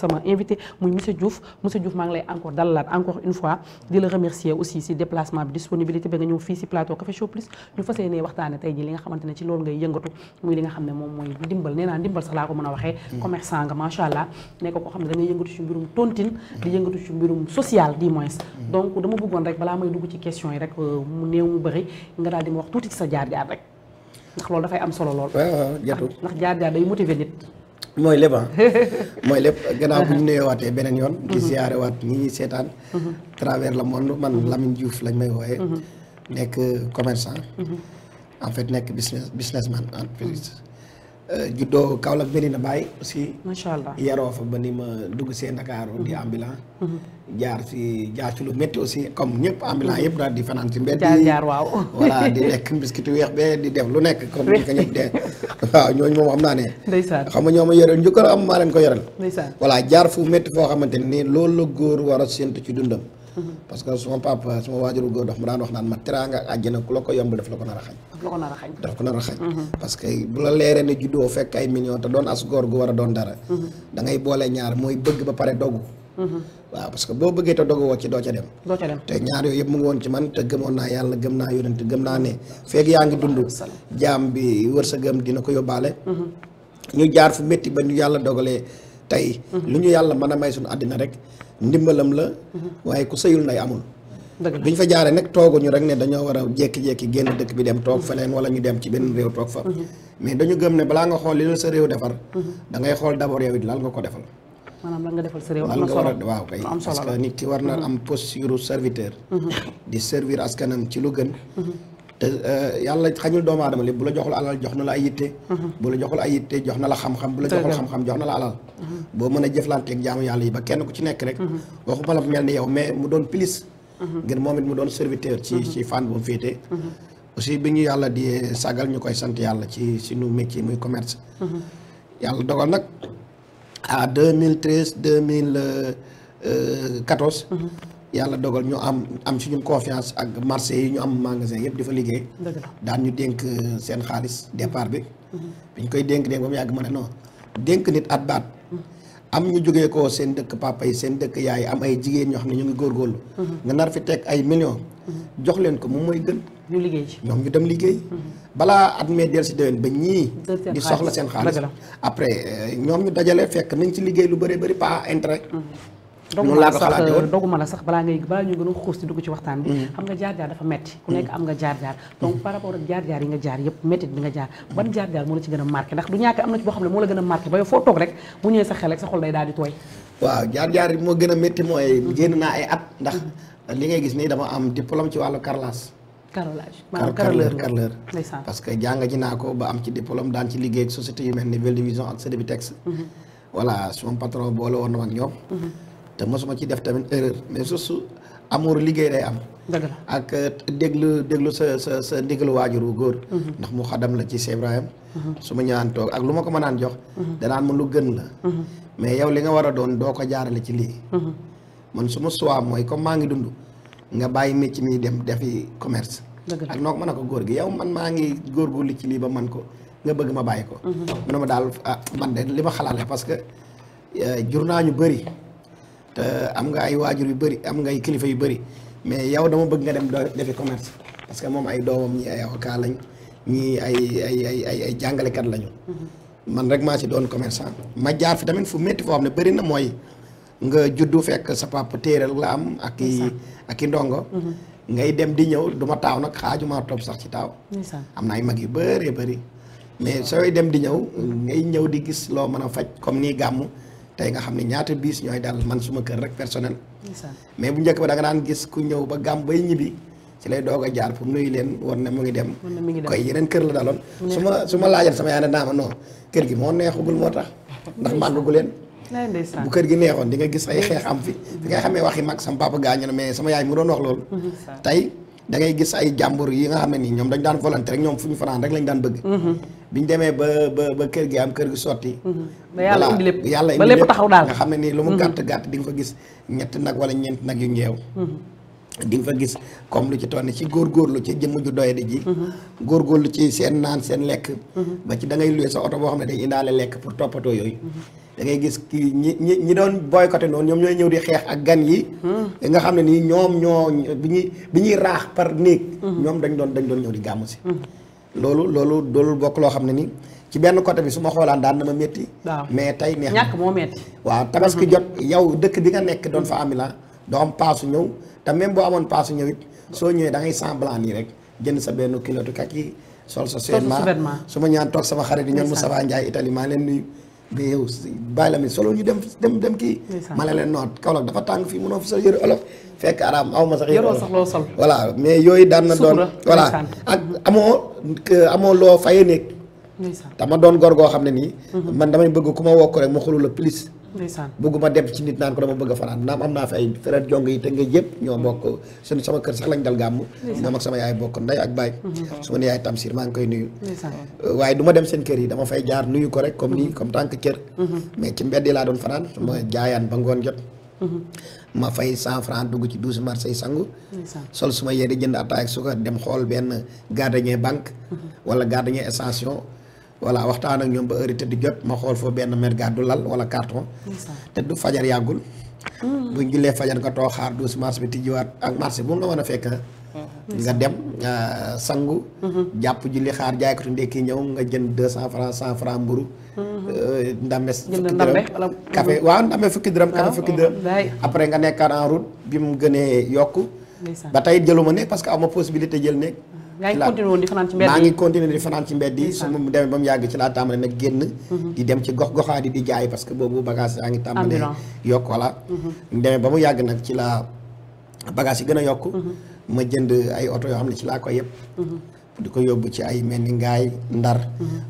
ci loolu ngay yëngatu muy li nga xam ne moom mooy ndimbal nee naa ndimbal sax laa ko mën a waxee mm. commerçant nga macha allah nekk koo xam ne da ngay yëngatu ci mbirum tontine mm. di yëngatu ci mbirum social du moins mm. donc dama bëggoon rek balaa may dugg ci question yi rek euh, mu néew mu bari nga daal di ma wax tuuti ci sa jaar-jaar rek ndax loolu dafay am solo lool ndax jaar-jaar day motiver nit mooy lépp ah. mooy lépp gannaaw bu ñu uh-huh. nuyewaatee beneen yoon di siyaarewaat uh-huh. ñi ñuy seetaan uh-huh. travers le monde man Lamine Diouf lañ may wooyee nekk commerçant en fait nekk business en entreprise. Euh, juddoo Kaolack Medina Baye aussi. macha allah yaroo fa ba ni ma dugg see Ndakaaru di mhm. ambulant. Mhm. jaar ci lu métti aussi comme ñëpp ambulant yëpp daal di fanaan ci mbedd. jaar jaar waaw. voilà di lekk mbiskit weex be di def lu nekk comme ni ko ñëpp de waaw ñooñu moom xam naa ne. ndeysaan xam nga ñoo ma yoreel njukkal am maa leen ko yoreel. ndeysaan jaar fu métti foo xamante ne nii loolu la góor war a séntu ci dundam. parce que suma papa suma waajuru góor dox mu daan wax naan ma teraanga ak àjjana ku la ko yombul daf la ko nar a xañ a a mm-hmm. parce que bu la leeree ne juddoo fekk ay million te doon as gu war a doon dara mm-hmm. da boole ñaar mooy bëgg ba pare dogu mm-hmm. waaw parce que boo bëggee te dogu woo ci doo ca dem te ñaar yooyu yëpp mu ngi woon ci man te gëmoon naa yàlla gëm naa yonent gëm naa ne feeg yaa ngi dund jaam bi wërsëgam dina ko yóbbaale ñu jaar fu métti tey. lu ñu yàlla mën a may suñu àddina rek ndimbalam la. waaye ku sëyul nay amul. bi ñu fa jaaree nag tooguñu rek ne dañoo war a jékki-jékki génn dëkk bi dem toog feneen wala ñu dem ci benn réew toog fa. Mhm. mais dañu gëm ne balaa nga xool li sa réew defar. Mhm. da xool d'abord yow it lan nga ko defal. maanaam lan nga defal sa réew am na solo waaw kay parce que nit ki war na mhm. am posture serviteur. di servir askanam ci lu gën. te euh, yàlla xañul doomu aadama li bu la joxul alal jox na la ay yitte mm-hmm. bu la joxul ay yitte jox na la xam-xam bu la joxul xam-xam jox na la alal mm-hmm. boo mën a jëflanteeg jaamu yàlla yi ba kenn ku ci nekk rek mm-hmm. waxu bala mel ni yow mais mu doon pilis ngir moom it mu doon serviteur ci ci fànn bu mu féete aussi bi ñu yàlla di sagal ñu koy sant yàlla ci suñu métier muy commerce yàlla dogal nag à 2013 2014 yàlla dogal ñu am am ci ñun confiance ak marché yi ñu am magasin yëpp di fa liggéey. daan ñu dénk euh, seen xaalis départ bi. Mm-hmm. bi ñu koy dénk dénk ba mu yàgg ma ne non dénk nit at baat. Mm-hmm. am ñu jógee ko seen dëkk papa yi seen dëkk yaay am ay jigéen ñoo xam ne ñu ngi góorgóorlu. Mm-hmm. nga nar fi teg ay millions. jox leen ko moom mooy gën. ñoom ñu dem liggéey. balaa at mee del si déwén ba ñii. di soxla seen xaalis après euh, ñoom ñu dajale fekk nañ ci liggéey lu bëri bëri pas noonu laa ko xalaatee euh, doguma la sax balaa ngay balaa ñu gën a xuus ci dugg ci waxtaan bi mm-hmm. xam nga jaar-jaar dafa metti ku nekk mm-hmm. am nga jaar-jaar donc mm-hmm. par rapport ak jaar-jaar yi nga jaar yëpp métti bi nga jaar ban jaar-jaar moo la ci gën a marqué ndax na a marqué ba yow foo toog rek bu ñëwee sa xel rek sa xol day daal di tooy waaw jaar-jaar moo gën a métti mooy génn naa ay at ndax li ngay gis nii dama am diplôme ci wàllu carrelage carrelage maanaam carreleur carreleur parce que jànga ji naa ko am ci diplôme daan ci liggéey ak société yu mel ni Belle te mosuma ci def tamit erreur mais juste amour liggéey day am. ak euh, déglu déglu sa sa sa ndigalu waajur wu góor. Mhm. ndax mu xadam la ci Cheikh Ibrahim. Mhm. su ma ñëwaan toog ak lu ma ko mënaan jox. Mhm. ma lu gën la. mais yow li nga war a doon doo ko jaarale ci lii. man su ma suwaa mooy comme maa ngi dund nga bàyyi métier mi dem defi commerce. ak noo ko mën a ko góor gi yow man maa ngi góor góorgóorlu ci lii ba man ko nga bëgg ma bàyyi ko. mu ne ma daal ah, man de li ma xalaat la parce que euh, jur naa ñu bëri. am nga ay waajur yu bëri am nga kilifa yu bëri mais yow dama bëgg nga dem defi commerce parce que moom ay doomam ñi ay avocat lañ ñi ay ay ay ay ay jàngalekat lañu. Mm-hmm. man rek maa ci doon commerçant ma jaar fi tamit fu métti foo xam ne bëri na mooy nga juddu fekk sa papa téeral la am ak i ak i mm-hmm. di ñëw du ma taaw nag xaajumaa sax ci taaw. am na ay mag yu bëree bëri. mais sooy dem di ñëw ngay ñëw di gis loo mën a faj comme nii gàmm. tey nga xam ne ñaata biis ñooy dal man suma kër rek personnel mais bu njëkk ba da nga daan gis ku ñëw ba gàmm bay ñibbi ci lay doog a jaar pour nuyu leen war na mu ngi dem koy yeneen kër la daloon su ma su ma laajal sama yaay ne naa ma non kër gi moo neexugul moo tax ndax màggagu leen bu kër gi neexoon di nga gis ay xeex am fi fi nga xamee waxi mag sama papa gaañu na mais sama yaay mu doon wax loolu tey da ngay gis ay jàmbur yi nga xam ne nii ñoom dañ daan volonté rek ñoom fu ñu fanaan rek lañ daan bëgg mm-hmm. biñ demee ba ba ba kër gi am kër gi sotti mm-hmm. yàlla indi lépp yàlla indi lépp taxaw daal nga xam ne nii lu mu mm-hmm. gàtt gàtt di nga ko gis ñett nag wala ñeent nag yu ngeew di nga fa gis comme lu ci toll ci góor góorgóorlu ci jëmm ju doy di ji góorgóorlu ci seen naan seen lekk ba ci da ngay luwe sa oto boo xam ne dañ indaale lekk pour toppatoo yooyu da ngay gis kii ñi ñi ñi doon boycotté noonu ñoom ñooy ñëw di xeex ak gan yi. Hmm. nga xam ne nii ñoom ñoo bi ñuy bi ñuy raax par néeg. Hmm. ñoom dañ doon dañ doon ñëw di gàmmu si. Hmm. loolu loolu loolu bokk loo xam ne nii ci benn côté bi su ma xoolaan daan na ma métti. mais tey neex ñàkk moo métti. waaw tabaski jot yow dëkk bi nga nekk doon fa amila doo am paasu ñëw te même boo amoon paasu ñëw it soo ñëwee da ngay semblant nii rek jën sa benn kilotu kaki sol sa. sol sa su ma ñaan toog sama xarit yi ñoom Moussa Ndiaye Italie maa leen nuyu mais yow bàyyi la mi solo ñu dem dem dem kii. ma ne leen noot Kaolack dafa tàng fii mënoo fi sa yëre olof. fekk araam aw ma sax yëre olof loo mais yooyu daan na doon voilà ak amoo amoo loo faye nekk. dama doon gor goo xam ne nii. Mhm. man damay bëgg ku ma wokk rek ma xulula plus. ndeysaan bëgguma dem ci nit naan ko dama bëgg a fanaan naam am naa fi ay frère jong yi te nga yëpp ñoo bokk seen sama kër sax lañ dal gàmm moom ak sama yaay bokk nday ak baay mhm. su ma ne yaay Tamsir maa ngi koy nuyu euh, waaye du ma dem seen kër yi dama mhm. mhm. ba ngoon jot ma fay cent franc dugg ci douze marché sangu sol suma yére jënd attaay su ko dem xool benn gardien banque wala gardien extension voilà waxtaan ak ñoom ba heure tëdd jot ma xool foo benn mer gàddu lal wala carton. te du fajar yàggul. Mm. buñ jullee fajar nga too xaar douze mars bi tijjiwaat ak marché bu nga mën a fekk. Mm-hmm. nga dem sangu. Mm-hmm. jàpp julli xaar tu ndekki ñëw nga jën deux cent franc cent franc mburu mm-hmm. euh, ndambe fukki dërëm café waaw ndambe fukki dërëm après nga nekkaat en route bi mu gën gënee yokk ba tey jëluma nekk parce que aw ma possibilité jël nekk yaa ngi continué di fanaan ci mbedd yi maa ngi continué di su mu demee ba mu yàgg ci laa tàmbale nag génn mhm. di dem ci gox goxaa di di jaay parce que boobu bagage yaa ngi tàmbale yokk voilà mhm. demee ba mu yàgg nag ci laa bagage yi gën a yokk mhm. ma jënd ay oto yoo xam ne ci laa ko yëpp di ko yóbbu ci ay mel ni ngaay ndar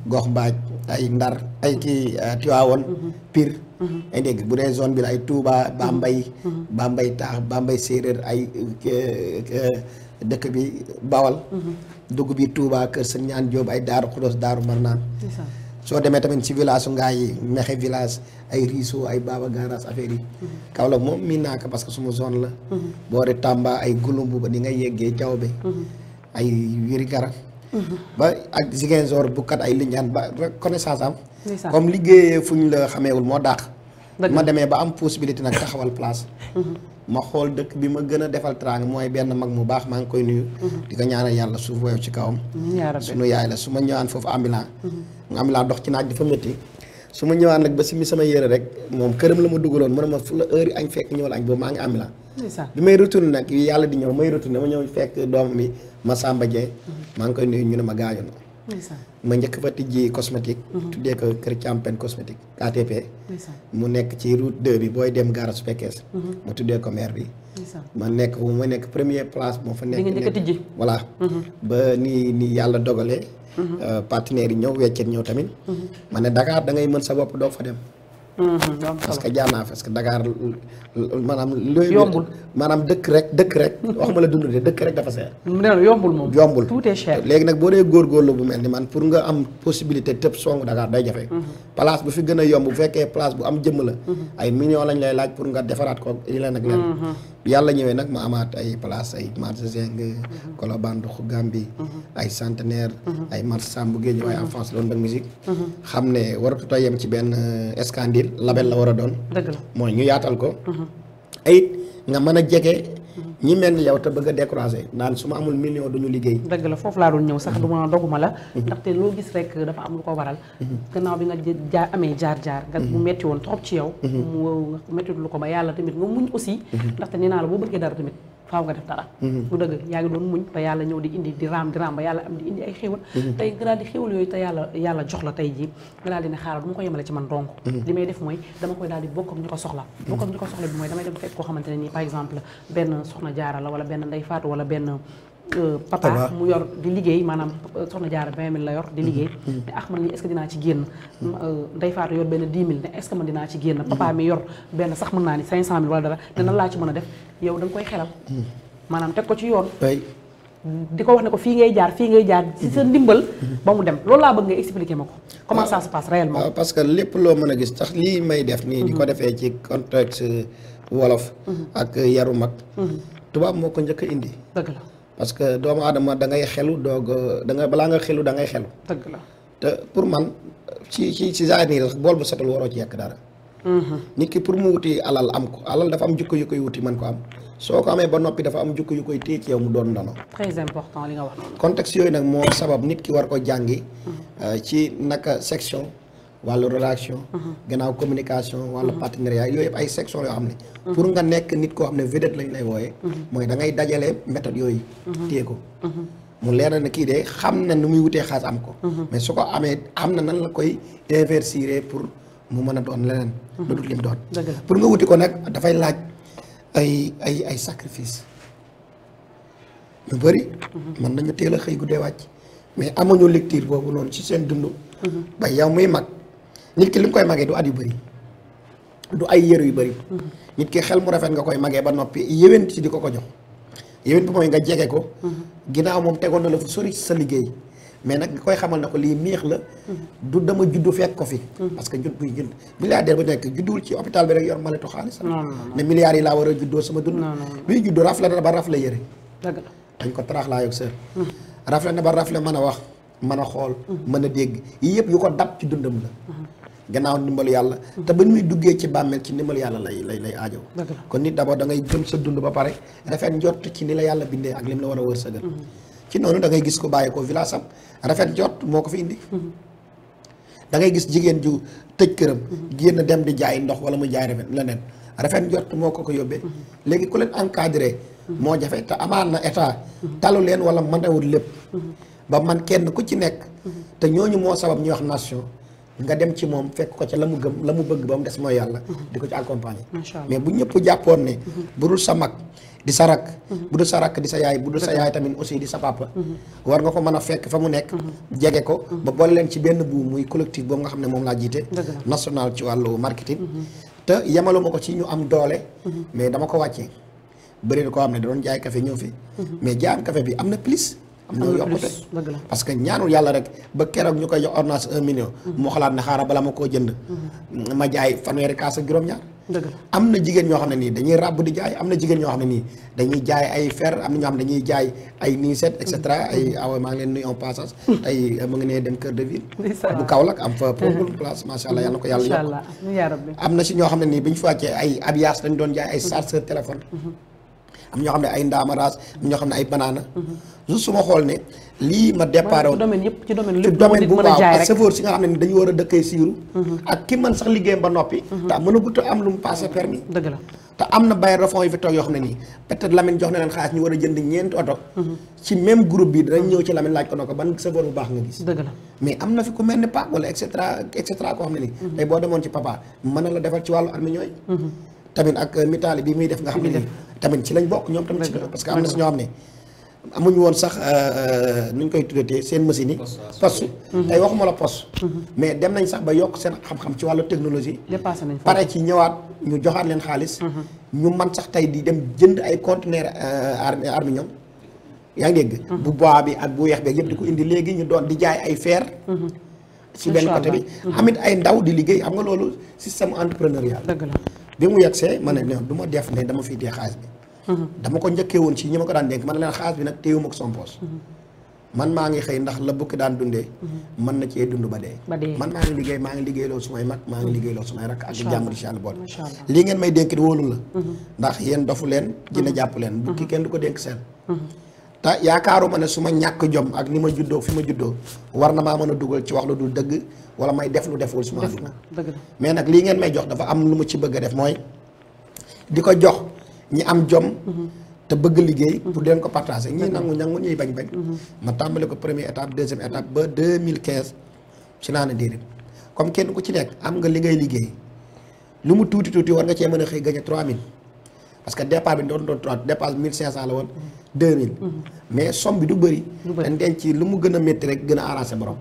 gox mbaaj ay ndar ay kii euh, Tiwaawoon Pire ay dégg bu dee zone bi la ay Touba Bambay Bambay taax Bambay séeréer ay euh, euh, dëkk bi Bawal. Mhm. dugg bi Touba Kër Sëñ Ñaan Jóob ay Daaru Xudos Daaru Marnaan. soo demee tamit ci village su ngaay yi Mexe village ay Riso ay Baba Garage affaire yi. Mhm. Kaolack moom miin naa ko parce que suma zone la. Mhm. boori Tamba ay Gulumbu ba di nga yeggee Jawbe. ay Wiri Garak. ba ak Ziguinchor bu kat ay Lindiane ba reconnaissance am. comme liggéeyee fu ñu la xameewul moo dàq. ma demee ba am possibilité nag taxawal place. ma xool dëkk bi ma gën a defal teraanga mooy benn mag mu baax maa ngi koy nuyu. di ko ñaanal yàlla suuf woyof ci kawam. Mm-hmm. sunu yaay la su ma ñëwaan foofu ambulant. Mm-hmm. nga ambulant dox ci naaj dafa métti. su ma ñëwaan nag ba si mi sama yére rek moom këram la ma dugaloon mu ne ma fu la heure yi añ fekk ñëwal añ boobu maa ngi ambulant. bi may retourné nag yàlla di ñëw may retourné ma ñëw fekk doom bi ma Samba mm-hmm. maa ngi koy nuyu ñu ma gaañu na. ma njëkk fa tijji cosmétique. Mhm. tuddee ko kër Champion cosmétique ATP. mu nekk ci route 2 bi booy dem garage Pekes. Mhm. ma tuddee ko maire bi. ma nekk fu ma nekk première place moo fa nekk. di nga tijji voilà. Mhm. ba ni ni yàlla dogalee. Euh, partenaires ñëw weccet ñëw tamit. ma ne Dakar da mën sa bopp doo fa dem. Mm-hmm. parce que jaar naa parce que Dakar maanaam. yombul manaam dëkk rek dëkk rek. waxuma la dund de dëkk rek dafa seer. Mm-hmm. yombul moom yombul tout est cher. léegi nag boo dee góorgóorlu bu mel ni man pour nga am possibilité tëb songu Dakar day jafe. Mm-hmm. place bu fi gën a yomb bu fekkee place bu am jëmm la. ay millions lañ lay laaj pour nga defaraat ko yeneen ak leen. bi yàlla ñëwee nag ma amaat ay place ay marché Zeng mhm. Colobane Doxu Gambie mhm. ay centenaire mhm. ay marché Samb Géej waaye enfance doon dag musique xam ne waratu ta ci benn euh, scandale label la war a doon dëgg mooy ñu yaatal ko ayit nga mën a jege ñi mel ni yow te bëgg a décourager naan su ma amul million duñu liggéey dëgg la foofu laa doon ñëw sax mm-hmm. du ma doguma la mm-hmm. ndaxte loo gis rek dafa am lu ko waral mm-hmm. gannaaw bi nga jaar amee jaar-jaar nga mu metti woon trop ci yow mu metti lu ko ba yàlla tamit nga muñ aussi ndaxte ni naa la boo bëggee dara tamit faaw nga def dara mm-hmm. bu dëgg yaa ngi doon muñ te yàlla ñëw di indi di raam di raam ba yàlla am di indi ay xéwal mm-hmm. tey nga daal di xéwal yooyu te yàlla yàlla jox la tey jii nga daal di ne xaaral du ma ko yemale ci man donc mm-hmm. may def mooy dama koy daal di ko soxla bokk ko soxla mooy damay dem fekk koo xamante ne nii par exemple benn soxna jaara wala benn ndey faatu wala benn euh, papa mu yor di liggéey maanaam euh, soxna jaara vingt mille la yor di liggéey ne ah man lii est dinaa ci génn euh, ndey faatu yor benn dix mille ne ci génn papa mi yor benn sax mën naa ni cinq cent mille wala dara ne nan laa ci mën a def yow da nga koy xelal hmm. maanaam teg ko ci yoon di ko wax ne ko fii ngay jaar fii ngay jaar ci sa hmm. ndimbal hmm. ba mu dem loolu laa bëgg nga expliquer ma ko ah. comment ça se passe réellement waaw ah, parce que lépp loo mën a gis tax lii may def nii di ko defee ci contexte wolof ak yaru mag tubaab moo ko njëkk indi dëgg parce que doomu aadama da ngay xelu doog da balaa nga xelu da ngay xelu dëgg la te pour man ci ci ci zaahir nii bool bu setul waroo ci yekk dara nit ki pour mu wuti alal am ko alal dafa am jikko yu koy wuti man ko am soo ko amee ba noppi dafa am jikko yu koy téye ci yow mu doon ndono. très yooyu nag moo sabab nit ki war ko jàngi. Euh, ci naka section wàllu relation. gannaaw communication wàllu partenariat yooyu yëpp ay section yoo xam ne. pour nga nekk nit koo xam ne vedette lañ lay wooyee. mooy da ngay dajale méthode yooyu. téye ko. mu leer na kii de xam na nu muy wutee xaas am ko. Mhm. mais su ko amee mu mën a doon leneen. lu dul lim doon. pour nga wuti ko nag dafay laaj ay ay ay sacrifice lu bëri. Mhm. mën nañu teel a xëy guddee wàcc mais amuñu lecture boobu loolu ci seen dund. Mhm. ba yow muy mag nit ki lu mu koy magee du at yu bëri du ay yër yu bëri. Mhm. nit ki xel mu rafet nga koy magee ba noppi yéwén ci di ko ko jox yéwén bi mooy nga jege ko. ginnaaw moom tegoon na la fu sori sa liggéey. mais nag nga koy xamal na ko lii miix la du dama juddu fekk ko fi mm. parce que jud buy jud milliardaire bu nekk judduwul ci hôpital bi rek yor maletu xaalis ne milliards yi laa war a juddoo sama dund bii juddu rafle na ba rafle yëre dañ ko taraax laa yog sër mm. rafle na ba rafle mën a wax mën a xool mm. mën a dégg yii yëpp yu ko dab ci dundam la gannaaw ndimbalu yàlla te ba muy duggee ci bàmmeel ci ndimbalu yàlla lay lay lay aajow kon nit d'abord da ngay gëm sa dund ba pare rafet njort ci ni la yàlla bindee ak lim la war a wërsëgal mm-hmm. ci noonu da ngay gis ko bàyyi ko village am rafet jot moo ko fi indi. Mhm. da ngay gis jigéen ju tëj këram. génn dem di jaay ndox wala mu jaay rafet leneen rafet jot moo ko ko yóbbee. Mhm. léegi ku leen encadré. Mhm. moo jafe te amaan na état. talu leen wala mënewul lépp. ba man kenn ku ci nekk. te ñooñu moo sabab ñuy wax nation. nga dem ci moom fekk ko ca la mu gëm la mu bëgg ba mu des mooy yàlla mhm. di ko ci accompagner mais bu ñëpp jàppoon ne mhm. bu dul sa mag di sa rakk mhm. bu dul sa rakk di sa yaay bu dul sa yaay tamit aussi di sa papa war nga ko mën a fekk fa mu nekk jege ko ba boole leen ci benn bu muy collectif boobu nga xam ne moom laa jiite national ci wàllu marketing te yemaluma ko ci ñu am doole mais dama ko wàcce bëri na koo xam ne da doon jaay kafe ñëw fi mais jaayam bi am na plus ñoo yokkute parce que ñaanul yàlla rek ba keroog ñu koy jox ordonnance un million moo mm-hmm. xalaat ne xaaral bala ma koo jënd mm-hmm. ma jaay fanweeri kaas ak juróom-ñaar am na jigéen ñoo xam ne nii dañuy ràbb di jaay am na jigéen ñoo xam ne nii dañuy jaay ay fer am na ñoo xam ne dañuy jaay ay niset et cetera mm-hmm. ay awa ah maa ngi leen nuyu en passage tey mu ngi ne dem kër de ville bu Kaolack am fa pour place macha allah yal na ko yàlla yokk am na si ñoo xam ne nii bi ñu fa wàccee ay abiyaas dañ doon jaay ay chargeur téléphone am ñoo xam ne ay ndaamaraas ñoo xam ne ay banaana juste su xool ne lii ma déparé ci domaine bu a dëkkee siiru man mhm. ba noppi mhm. a guta am lu mu passé permis na bailleur de fonds yu fi toog yoo xam a jënd ñeenti oto mhm. ci même groupe bi danañ ñëw ci ko ban chauffeur bu baax nga gis mais am na fi ku mel ni Pape wala et cetera koo xam ne nii tey boo demoon ci papa mën na la defal ci wàllu armé tamit ak euh, mitaali bi muy def nga xam ne tamit ci lañ bokk ñoom tamit ci parce que am na si ñoo amuñu woon sax euh, euh, nuñ koy tuddatee seen machine yi poste mhm. tey waxuma la poste mhm. mais dem nañ sax ba yokk seen xam ci wàllu technologie pare ci ñëwaat ñu joxaat leen xaalis mhm. ñu man sax tey di dem jënd ay conteneur arminion yaa ngi dégg bu bi ak bu weex bi yëpp di ko indi léegi ñu doon di jaay ay fer ci benn côté bi ay ndaw di liggéey am nga loolu système entrepreneurial dëgg la bi mu yegsee ma ne non du ma def ne dama fiy dee xaalis bi mm-hmm. dama ko njëkkee woon ci ñi ma ko daan dénk ma a leen xaalis bi nag téewu ma ko sama mm-hmm. man maa ngi xëy ndax la bukki daan dundee mm-hmm. mën na cee dund ba dee man maa ngi liggéey maa ngi liggéey loolu sumay mag maa ngi liggéey loolu sumay rakk ak di jàmm di si àll bool lii ngeen may dénk wóolu la ndax yéen dofu leen dina jàpp leen bukki kenn du ko dénk seen te yaakaaruma ne su ma ñàkk jom ak ni ma juddoo fi ma juddoo war na maa mën a dugal ci wax lu dul dëgg wala may def lu deful suma àdduna mais nag lii ngeen may jox dafa am lu ma ci bëgg def mooy di ko jox ñi am jom te bëgg liggéey pour leen ko partager ñii nangu nangu ñuy bañ bañ mhm. ma tàmbale ko première étape deuxième étape ba quinze ci laa ne déedéet comme kenn ku ci nekk am nga li ngay liggéey lu mu tuuti tuuti war nga cee mën a xëy gañe 3000 parce que départ bi doon doon trois dépasse mille cinq cent la woon deux mais somme bi du bëri dañ denc lu mu gën a métti rek gën a arrangé borom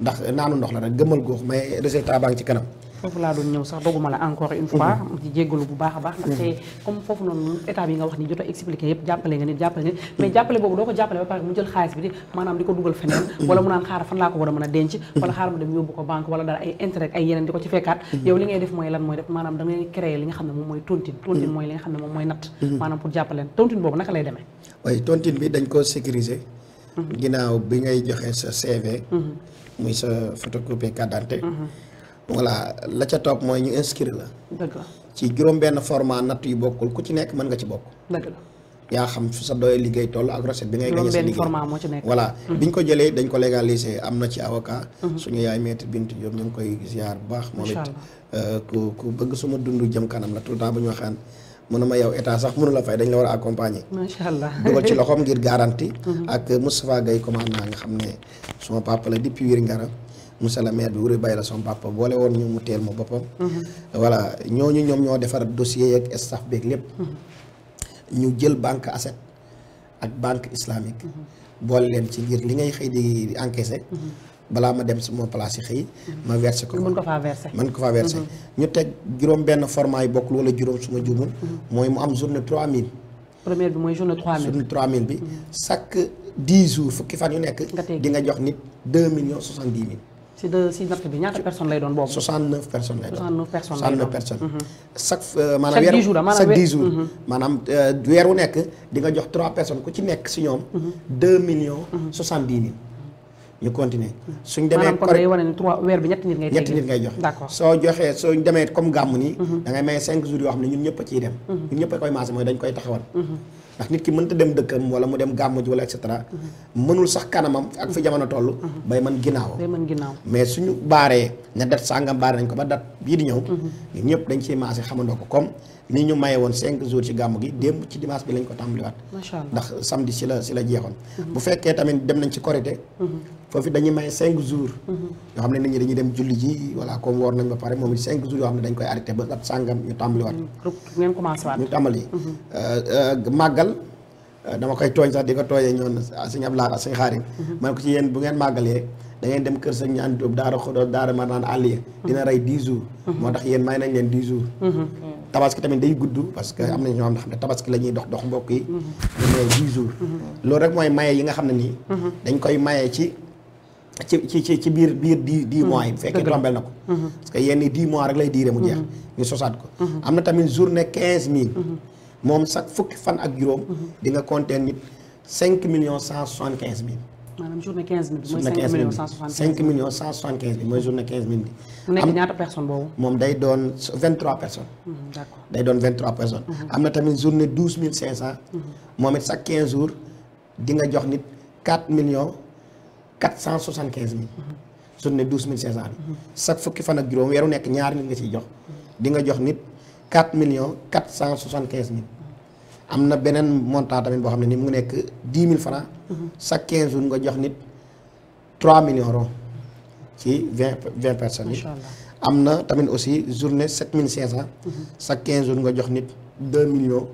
ndax naanu ndox la rek gëmal góox mais résultat baa ngi ci kanam foofu laa doon ñëw sax doguma la encore une fois mu mhm. ci bu baax a baax ndaxte mhm. comme foofu noonu état bi nga wax ni jot a expliqué yëpp jàppale nga nit jàppale nit mais jàppale boobu doo ko jàppale ba pare mu jël xaalis bi di maanaam di ko dugal feneen mhm. wala mu naan xaar fan laa ko war a mën a denc wala xaar moom mooy tontine tontine mooy li nga xam ne moom mooy natt maanaam pour jàppaleen tontine boobu naka lay demee waaye tontine bi dañ voilà la ca topp mooy ñu inscrire la. ci juróom-benn format natt yu bokkul ku ci nekk mën nga ci bokk. yaa xam su sa doy liggéey toll ak recette bi ngay. gañe sa liggéey format moo ci nekk. voilà mhm. biñ ko jëlee dañ ko légaliser am na ci avocat. Mhm. suñu yaay maître bint Diop ñu ngi koy ziar bu baax. moom it euh, ku ku bëgg suma dundu jëm kanam la tout le temps bu ñu waxaan. mënu ma yow état sax mënu la fay dañ la war a accompagner. macha allah dugal ci loxoom ngir garanti. Mhm. ak Moustapha Gaye commandant nga xam ne suma papa la depuis Wiri Ngara. monsieur le maire bi wuri bay la son papa boole woon ñu mu teel ma boppam mhm. voilà ñu ñoom ñoo defar dossier yeeg staff beeg lépp mhm. ñu jël banque asset ak banque islamique mhm. boole leen ci ngir li ngay xëy di encaisser balaa ma dem sama ma yi xëy ma versé ko mën ko faa versé ko faa versé ñu teg juróom benn format yi bokkul wala juróom suma juumul mooy mu am journée 3000 première bi mooy journée 3000 journée 3000 bi chaque 10 jours fukki fan yu nekk di nga jox nit 2 millions 70 mille si de si natt bi ñaata personnes lay doon boobu. 69 personnes lay doon 69 personnes lay doon 69 personnes. Mhm. chaque euh, maanaam weer chaque 10 jours mhm. euh, chaque 10 si ñoom. 2 mhm. millions 70 mille. ñu continuer suñ demee kon day wane ni trois weer bi ñetti nit ngay ñetti soo joxee soo demee comme gàmmu nii da ngay cinq jours yoo xam ne ñun ñëpp a dem ñun ñëpp koy maase mooy dañ koy taxawal ndax nit ki mënta dem dëkkam wala mu dem gàmmu ji wala et cetera mënul sax kanamam ak fi jamono toll bay man ginnaaw bay mën ginnaaw mais suñu baaree ne dat sàngam baare nañ ko ba dat bii di ñëw mhm. ñëpp dañ ciy maase xamandoo ko comme ni ñu maye woon cinq jours ci gàmm gi démb ci dimanche bi lañ ko tàmbaliwaat ndax samedi si la si la jeexoon mhm. bu fekkee tamit dem nañ ci korité mhm. foofu dañuy maye cinq jours mhm. yoo xam ne nit ñi dañuy dem julli ji voilà comme woor nañ ba pare moom it cinq jours yoo xam ne dañ koy arrêté ba at sàngam ñu tàmbaliwaat ngeen commencé waat ñu tàmbali euh, euh, màggal euh, dama koy tooñ sax di ko tooyee ñoon sëñ Ablaye sëñ Xaarim man ko ci yéen bu ngeen màggalee da ngeen dem kër sëñ ñaan Jóob daara xodoos daara ma naan àlliya dina rey dix jours moo tax yéen may nañ leen tabaski tamit day gudd parce que am na ñoo xam ne tabaski la ñuy dox dox mbokk yi ñu maye 10 jours loolu rek mooy maye yi nga xam ne nii dañ koy maye ci ci ci ci biir biir dix dix mois yi bu fekkee tombel na ko mhm. parce que yenn dix mois rek lay diire mu jeex mhm. ñu sosaat ko mhm. am na tamit journée quinze mille moom sax fukki fan ak juróom di nga nit cinq millions cent soixante quinze mille maanaam journée 15 000 mooy 5 millions 175 000 5 millions 175 000 mooy journée 15 000 bi. mu nekk ñaata personnes boobu. moom day doon 23 personnes. Mm-hmm, d'accord day doon 23 personnes. Mm-hmm. am na tamit journée 12 500. Mm-hmm. moom it chaque 15 jours di nga jox nit 4 millions 475 000. journée 12 500 bi. chaque fukki fan ak juróom weeru nekk ñaar nit nga ciy jox. di nga jox nit 4 millions 475 000. am na beneen montant tamit boo xam ne ni mu ngi nekk dix mille francs chaque quinze jours nga jox nit trois millions ron ci vingt vingt personnes yi am na tamit aussi journée sept mille cinq cent mhm. chaque quinze jours nga jox nit deux millions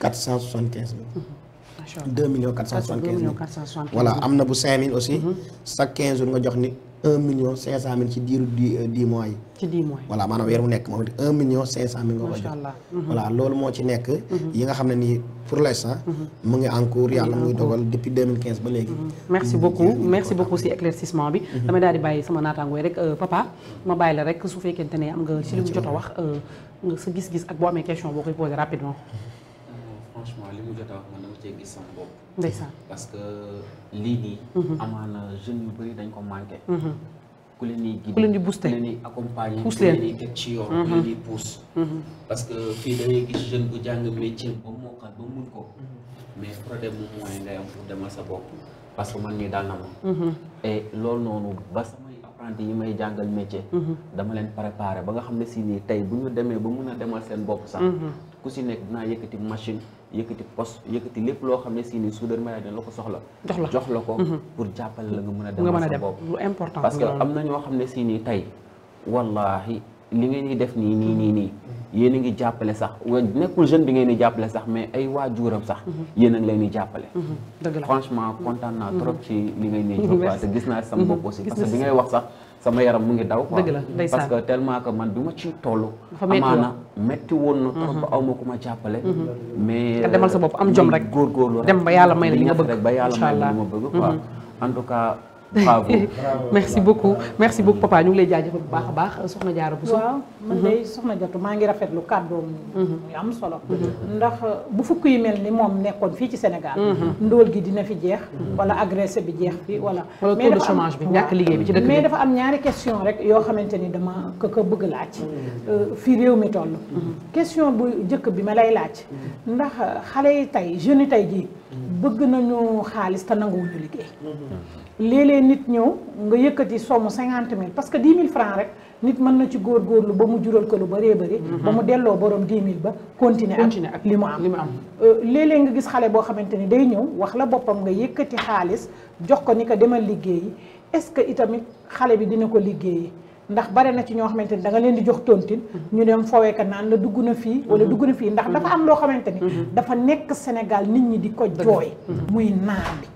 quatre cent soixante quinze mille mhm. deux millions quatre cent soixante quinze mille voilà am na bu cinq mille aussi mhm. chaque quinze jours nga jox nit un million cinq cent mille ci diiru di euh, dix mois yi ci dix mois voilà maanaam weer mu nekk moom it un million cinq cent mille nga koy jox mhm. voilà loolu moo ci nekk mhm. yi nga xam ne ni pour l'instant mhm. mu ngi en cours yàlla mu ngi dogal depuis 2015 ba léegi merci beaucoup merci beaucoup si éclaircissement bi damay daal di bàyyi sama naataangooy rek euh, papa ma bàyyi la rek su fekkente ne am nga si li jot a wax euh, nga sa gis-gis ak boo amee question boo koy posé rapidement franchement li mu jot a wax man dama cee gis ndeysaan parce que lii nii. Mhm. amaana jeune yu bëri dañ ko manqué. Mhm. ku leen di guider ku leen di booster ku parce que fii da ngay gis jeune bu jàng métier ba mokkal ba mun ko. mais problème mu moyen ngay am pour demal sa bopp parce que man nii daal na ma. Mhm. et loolu noonu ba samay apprenti yi may jàngal métier. dama leen préparer ba nga xam ne si nii tey bu ñu demee ba mun a demal seen bopp sax. ku si nekk dinaa yëkkati machine. yëkkati poste yëkkati lépp loo xam ne si ni soudeur mala dina ko soxla jox la mm-hmm. pour jàppale la nga mën a demal sa bopp parce que am na ñoo xam ne si nii wallahi li ngeen di def nii nii nii a ngi jàppale sax nekkul jeune bi ngeen di jàppale mm-hmm. a mm-hmm. franchement kontaan naa trop ci li ngay ne te gis naa sama bopp aussi parce que bi ngay wax sax sama yaram mu ngi daw quoi parce que tellement que man bi ma ciy toll amaana metti woon na trop ba mhm. aw ma ku ma jàppale mhm. mais demal sa bopp am jom rek góorgóorlu rek dem ba yàlla may la li nga bëgg rek ba yàlla may la li bëgg quoi mhm. en bravo merci beaucoup merci beaucoup papa ñu ngi lay jaajëfal bu baax a baax soxna jaar bu waaw man day mhm. soxna jatu maa ngi rafetlu kàddoom mhm. yu am solo mhm. ndax bu fukk yu mel ni moom nekkoon fii ci Sénégal ndool gi dina fi jeex wala agressé bi jeex fi wala wala taux de chômage bi liggéey bi ci dëkk dafa am ñaari question rek yoo xamante ni dama ko ko bëgg laaj euh, fii réew mi toll question bu njëkk bi ma lay laaj ndax xale yi tey jeunes yi tey ji bëgg nañu xaalis te nanguwuñu liggéey léeg-léeg nit ñëw nga yëkkati somme cinquante mille parce que dix mille francs rek nit mën na ci góorgóorlu ba mu jural ko lu bëree bëri. Mhm. ba mu delloo boroom dix mille ba. continuer ak li mu am li mu am. Euh, léeg nga gis xale boo xamante ni day ñëw wax la boppam nga yëkkati xaalis jox ko ni ko demal liggéey est-ce que itamit xale bi dina ko liggéeyi. ndax bare na ci ñoo xamante ni danga leen di jox tontin mhm. ñu dem foowee ka naan la dugg na fii mhm. wala dugg na fii ndax dafa am loo xamante ni dafa nekk Sénégal nit ñi di ko jooy muy naar bi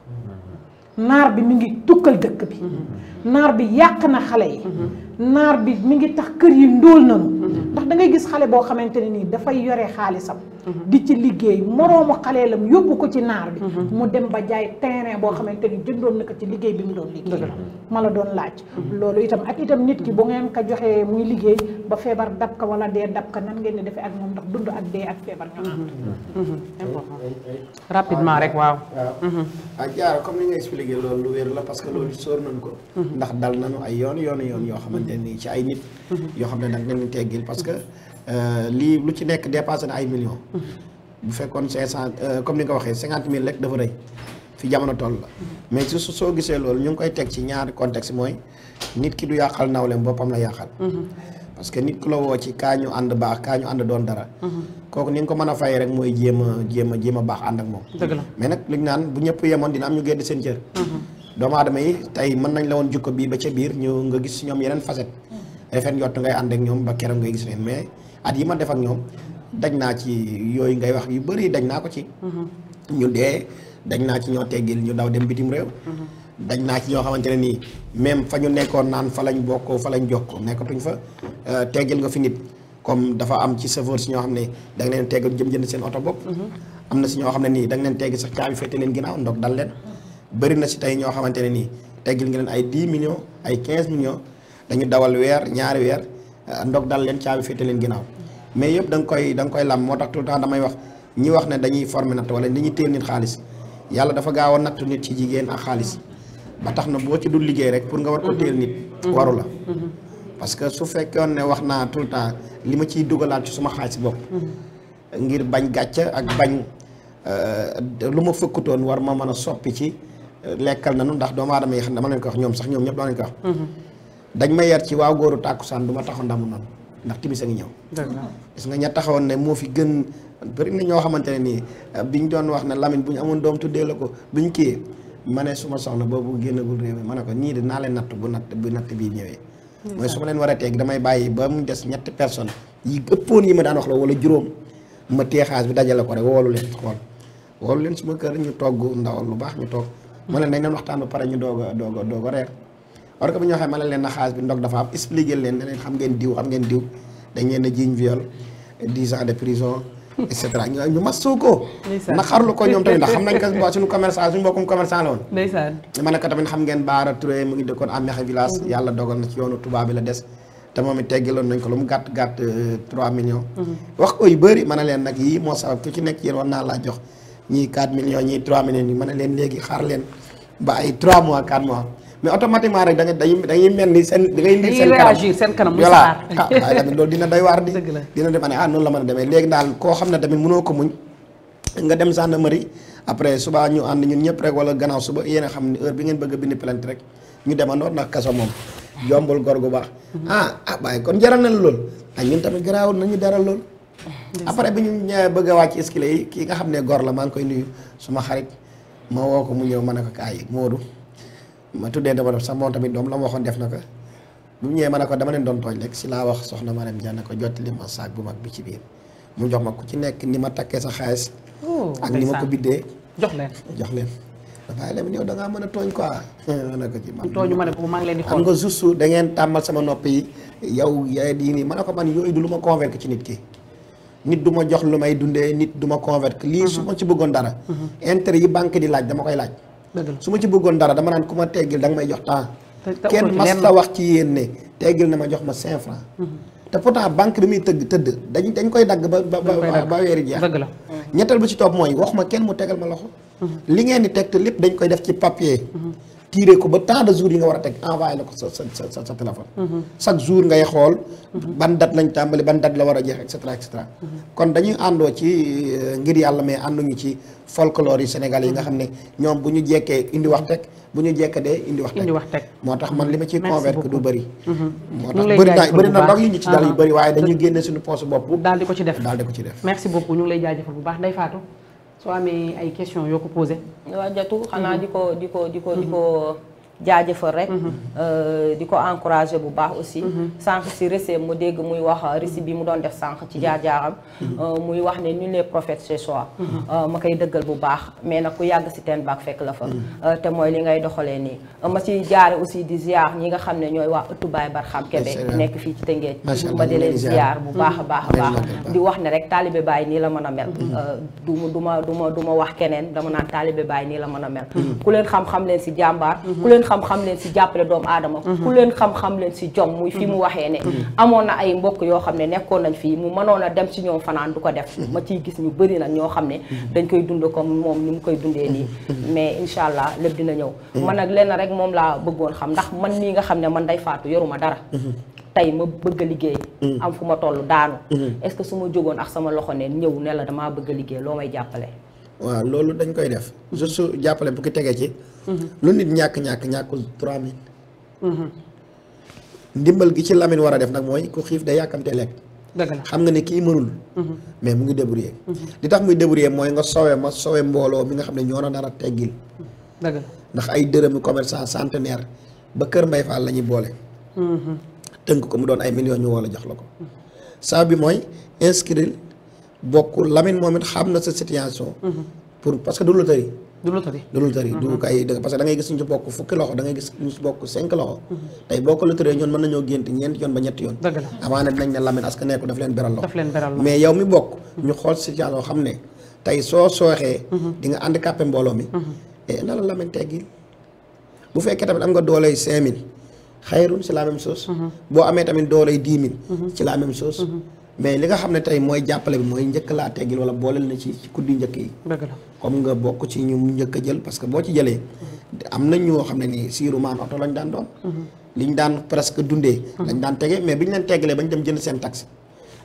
naar bi mi ngi tukkal dëkk bi mhm. naar bi yàq na xale yi mhm. naar bi mi ngi tax kër yi ndóol nañu mhm. ndax da ngay gis xale boo xamante ne nii dafay yore xaalisam mhm. di ci liggéey moroomu xaleelam yóbbu ko ci naar bi mhm. mu dem ba jaay terrain boo xamante ni jëndoon na ko ci liggéey bi mu doon liggéey ma la doon laaj loolu itam ak itam nit ki bu ngeen ko joxee muy liggéey ba feebar dab ka wala dee dab ka nan ngeen di defee ak moom ndax dund ak dee ak feebar ñoo am rapidement ah, rek waaw ak jaara ah, comme ni nga expliqué loolu lu wér la parce que loolu sóor nañ ko ndax dal nañu ay yoon yoon yoon yoo xam xamante ni ci ay nit. Mhm. yoo xam ne nag nañu teggil parce que euh, lii lu ci nekk dépassé na ay millions. Mhm. bu fekkoon cinq euh, comme ni nga waxee cinquante mille rek dafa rëy fi jamono toll la. Mhm. mais su soo gisee loolu ñu ngi koy teg ci ñaari contexte mooy nit ki du yàqal nawleem boppam la yàqal. parce que nit ku la woo ci kaa ñu ànd baax kaa ñu ànd doon dara. kooku ni nga ko mën a fay rek mooy jéem a jéem a a baax ànd ak moom. mais nag li ñu naan bu ñëpp doomu aadama yi tey mën nañ la woon jukko bii ba ca biir ñu nga gis ñoom yeneen facette mm. refen yottu ngay ànd ak ñoom ba keroog ngay gis leen mais at yi ma def ak ñoom dañ naa ci yooyu ngay wax yu bëri dañ naa ko ci mm-hmm. ñu dee dañ naa ci ñoo teggil ñu daw dem bitim réew mm-hmm. dañ naa ci ñoo xamante ne nii même fa ñu nekkoon naan fa lañ bokkoo fa lañ jokkoo nekkatuñ fa euh, teggil nga fi nit comme dafa am ci chauffeur si ñoo xam ne da nga leen teggal jëm jënd seen oto bopp mm-hmm. am na si ñoo xam ne nii da leen tegg sax caabi féete leen ginnaaw ndog dal leen bëri na si tey ñoo xamante ne nii teggil nga leen ay 10 millions ay 15 millions dañu dawal weer ñaari weer euh, ndox dal leen caabi féete leen ginnaaw mais yëpp da koy danga koy làmb moo tax tout temps damay wax ñi wax ne dañuy former natt wala ñu téel nit xaalis yàlla dafa gaaw a nattu nit ci jigéen ak xaalis ba tax na boo ci dul liggéey rek pour nga war ko mhm. téel nit mhm. waru la mhm. parce que su fekkoon ne wax naa tout le temps li ma ciy dugalaat ci suma xaalis bopp ngir bañ gàcce ak bañ euh, lu ma fëkkutoon war ma mën a soppi ci lekkal nanu ndax doomu aadama yi xam dama leen ko wax ñoom sax ñoom ñëpp dama leen ko wax mhm. dañ ma yar ci waaw góoru tàkkusaan du ma taxaw ndamu ndax timis a ngi ñëw gis nga ña taxawoon ne moo fi gën bëri na ñoo xamante ne nii biñ doon wax ne Lamine bu ñu amoon doom tuddee la ko buñ kii ma ne suma soxna boobu génnagul réew ma ne ko ñii naa leen natt bu natt bi natt bii ñëwee mooy su ma leen war a teeg damay bàyyi ba mu des ñetti personne yi ëppoon yi ma daan wax la wala juróom ma téexaas bi dajale ko rek woolu leen xool woolu leen suma kër ñu togg ndaw lu baax ñu toog mu ne nañ leen waxtaan ba pare ñu doog a doog a doog a reer or que bu ñu waxee ma ne leen na xaalis bi ndox dafa am expliquer leen ne leen xam ngeen diw xam ngeen diw dañ leen a jiiñ viol dix ans de prison et cetera ñu masoo ko naqarlu ko ñoom tamit ndax xam nañ ko waa suñu commerçant suñu mbokkum commerçant la woon ndeysaan ma ne ko tamit xam ngeen Baara Touré mu ngi dëkkoon Amexe village yàlla dogal na ci yoonu tubaab bi la des te moom it teggeloon nañ ko lu mu gàtt gàtt 3 euh, millions wax ko yu bëri ma ne leen nag yii moo sabab ku ci nekk yéen war naa laa jox ñii 4 millions ñii 3 millions ñu mën a leen léegi xaar leen ba ay 3 mois 4 mois mais automatiquement rek da ngay dañuy dañuy mel ni seen. da ngay lire seen kanam réagir seen kanam. muy xaar voilà ah waaye tamit loolu dina doy waar di. dina dem ne ah noonu la mën a demee léegi daal koo xam ne tamit mënoo ko muñ nga dem gendarmerie après suba ñu ànd ñun ñëpp rek wala gannaaw suba yéen a xam ne heure bi ngeen bëgg a bind plainte rek ñu demandoon ndax kaso moom jombul gor gu baax. Mm-hmm. ah ah waaye kon jaral na lool ak ah, ñun tamit garaawul nañu dara lool après bi ñu ñëwee bëgg a wàcc escalier yi kii nga xam ne gor la maa ngi koy nuyu suma xarit ma woo ko mu ñëw ma ne ko kaay Modou ma tuddee dama doon sax moom tamit doom la ma waxoon def na ko bu mu ñëwee ma ne ko dama leen doon tooñ rek si laa wax soxna ma dem ñaan ne ko jottali ma saag bu mag bi ci biir mu jox ma ku ci nekk ni ma takkee sa xaalis. Oh, ak ni ma ko biddee. jox leen jox leen. waaye léegi yow da ngaa mën a tooñ quoi. ma ne ko ci man tooñu ma ne ko maa ngi leen di xool xam nga juste da ngeen tàmmal sama nopp yi yow yaay di nii ma ne ko man yooyu du lu ma convaincre ci nit ki nit du ma jox lu may dundee nit duma ma convaincre lii su ma ci bëggoon dara intérêt yi banque di laaj dama koy laaj su ma ci bëggoon dara dama naan ku ma teggil danga may jox temps kenn mas la wax ci yéen ne teggil na ma jox ma cinq francs te pourtant banque bi muy tëgg tëdd dañ dañ koy dagg ba ba ba weeri jeex ñetteel bu si topp mooy wax ma kenn mu tegal ma loxo li ngeen di tegt lépp dañ koy def ci papier tiiree ko ba temps de jours yi nga war a teg envoyé la ko sa sa sa sa téléphone. Mhm. chaque jour ngay xool. Mhm. ban date lañ tàmbali ban la war a jeex et cetera et cetera. Mhm. kon dañuy àndoo ci euh, ngir yàlla mais ànduñu ci folklore yi Sénégal yi nga xam ne ñoom bu ñu jekkee indi wax teg bu ñu jekk dee indi wax teg indi wax teg moo tax man li ma ciy convaincre du bëri. moo tax bëri na yi ñu ci dal yu ah. bëri waaye dañuy génne suñu poche bopp. daal di ko ci def daal di ko ci def. merci beaucoup soo amee ay questions yoo ko posé. waaw jatu xanaa mhm. di ko diko diko jaajëfal rek mhm. euh, di ko encouragé bu baax aussi mhm. sànq si récé mu dégg muy wax récit bi mu doon def sànq ci mhm. jaar-jaaram euh, muy wax ne nul n'est prophète chez soi euh, ma koy dëggal bu baax mais nag ku yàgg si teen baak fekk la fa te mooy li ngay doxalee nii ma ci jaare aussi di ziar ñi nga xam ne ñooy wax ëttu baay xam Kébé nekk fii ci Tëngéej ma di leen ziar bu baax a baax baax di wax ne rek taalibe baay nii la mën a mel du ma du ma du ma du ma wax keneen dama naan taalibe baay nii la mën a mel xam-xam leen si jàppale doomu aadama ku leen xam-xam leen si jom muy fi mu waxee ne amoon na ay mbokk yoo xam ne nekkoon nañ fii mu mënoon a dem si ñoom fanaan du ko def ma ciy gis ñu bëri nag ñoo xam ne dañ koy dund comme moom ni mu koy dundee nii mais incha allah lépp dina ñëw man nag lenn rek moom laa bëggoon xam ndax man nii nga xam ne man day faatu yoruma dara tey ma bëgg a liggéey am fu ma toll daanu mm-hmm. est-ce que su ma jógoon ak sama loxo ne ñëw ne la damaa bëgg liggéey loo may jàppale waaw loolu dañ koy def juste jàppale bu ko tegee ci. lu nit ñàkk ñàkk ñàkkul trois ndimbal gi ci Lamine war a def nag mooy ku xiif day yàkkamtee lekk. dëgg la xam nga ni kii mënul. Mhm. mais mu ngi débrouiller. Mhm. li tax muy débrouiller mooy nga sowe ma sowe mbooloo mi nga xam ne ñoo na dara teggil. dëgg la ndax ay dërëmi commerçant centenaire ba Kër Mbay Fall la ñuy boole. Mhm. tënk ko mu doon ay millions ñu woo la jox la ko. saa bi mooy bokk Lamine moom it xam na sa situation. Mhm. pour parce que du loterie. du loterie du mhm. du kay parce que da gis ñu bokk fukki loxo da gis ñu bokk cinq loxo. Mhm. tey boo ko loterie ñoon mën nañoo gént ñeenti yoon ba ñetti yoon. amaana dinañ ne Lamine askan nekk daf leen beral loxo. mais yow mi bokk. ñu xool situation xam ne tey soo sooxee. di nga handicapé mbooloo mi. et eh, na la Lamine teggil bu fekkee tamit am nga dooley cinq mille xayrun la même chose. boo amee mais li nga xam ne tey mooy jàppale bi mooy njëkk laa teggil wala booleel na ci ci kuddi njëkk yi. comme nga bokk ci ñu njëkk a jël parce que boo ci jëlee. am na ñoo xam ne nii siiru maan oto lañ daan doon. Mhm. liñ daan presque dundee. Mhm. lañ daan tege mais biñ leen teggalee bañ dem jënd seen taxi.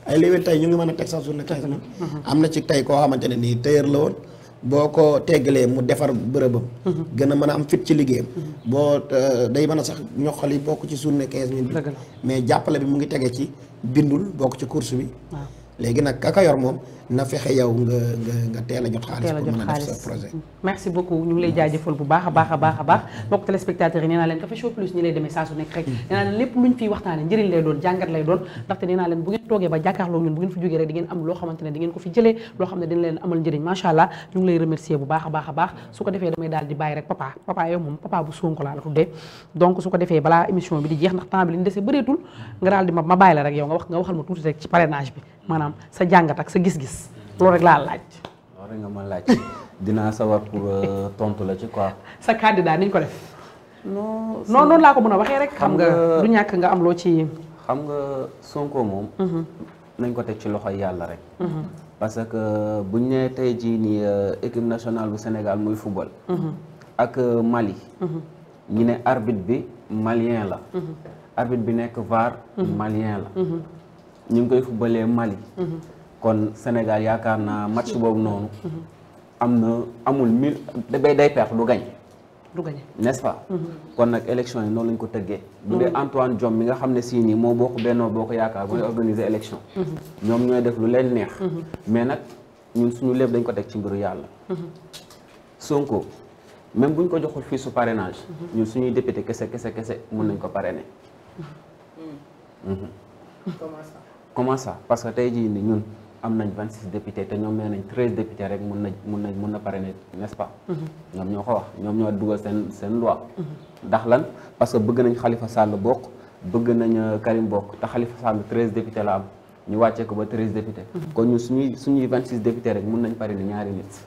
ay léwén tey ñu ngi mën a teg sax suñu taxi. Mhm. am na ci tey koo xamante ne nii tailleur la woon. boo ko teggalee mu defar bërëbam mhm. gën a mën a am fit ci liggéeyam mhm. boo euh, day man a sax ñoqali bokk ci journée quinze mille bi mais jàppale bi mu ngi tege ci bindul bokk ci course bi léegi nag kakayor moom na fexe yow nga nga nga a jot xaalis pour mën a def sa projet merci beaucoup ñu ngi lay jaajëfal bu baax a baax a baax a baax mbokk téléspectateurs yi nee naa leen Café Show Plus ñi lay demee saa su nekk rek mm. nee leen lépp luñ fiy waxtaane njëriñ lay doon jàngat lay doon ndaxte nee leen bu ngeen toogee ba jàkkaarloo ñun bu ngeen fi jógee rek di ngeen am loo xamante ne di ngeen ko fi jëlee loo xam ne dina leen amal njëriñ macha allah ñu ngi lay remercier bu baax a a baax daal di bàyyi rek papa papa yow moom papa bu Sonko laa gis loolu rek laa laaj. loolu nga ma laaj dinaa sawar pour euh, tontu la ci quoi. sa candidat niñ ko def. non non noonu laa ko mën a waxee rek. xam nga du ñàkk nga am loo ci. xam nga Sonko moom. Mhm. nañ ko teg ci loxo yàlla rek. Mhm. parce que euh, bu ñu nee tey jii nii euh, équipe nationale bu Sénégal muy football. Mhm. ak Mali. ñu ne arbitre bi malien la. arbitre bi nekk VAR. malien la. ñu ngi koy footballee Mali. kon Sénégal yaakaar naa match boobu noonu. am na amul mille day day perte du gañ. du gañ mm-hmm. kon nag élection yi noonu lañ ko tëggee. bu dee mm-hmm. Antoine Diome mi nga xam ne sii nii moo bokk bennoo boo ko yaakaar mooy mm-hmm. organiser élection. ñoom ñooy def lu leen neex. mais nag ñun suñu lépp dañ ko teg ci mbiru yàlla. Sonko même buñ ko joxul fii su parrainage. ñun suñuy député kese kese kese mun nañ ko parrainer. comment ça. parce que tey jii nii ñun. am nañ 26 députés te ñoom nee nañ 13 députés rek mun nañ mun na mun na parrainer n'est-ce pas. Mm-hmm. ñoom ñoo ko wax ñoom ñoo dugal seen seen loi. Mm-hmm. ndax lan parce que bëgg nañ xalifa sàll bokk bëgg nañ euh, Karim bokk te xalifa Sall 13 députés la am ñu wàccee ko ba 13 députés. Mm-hmm. kon ñun suñuy suñuy 26 députés rek mun nañ parrainer ñaari nit.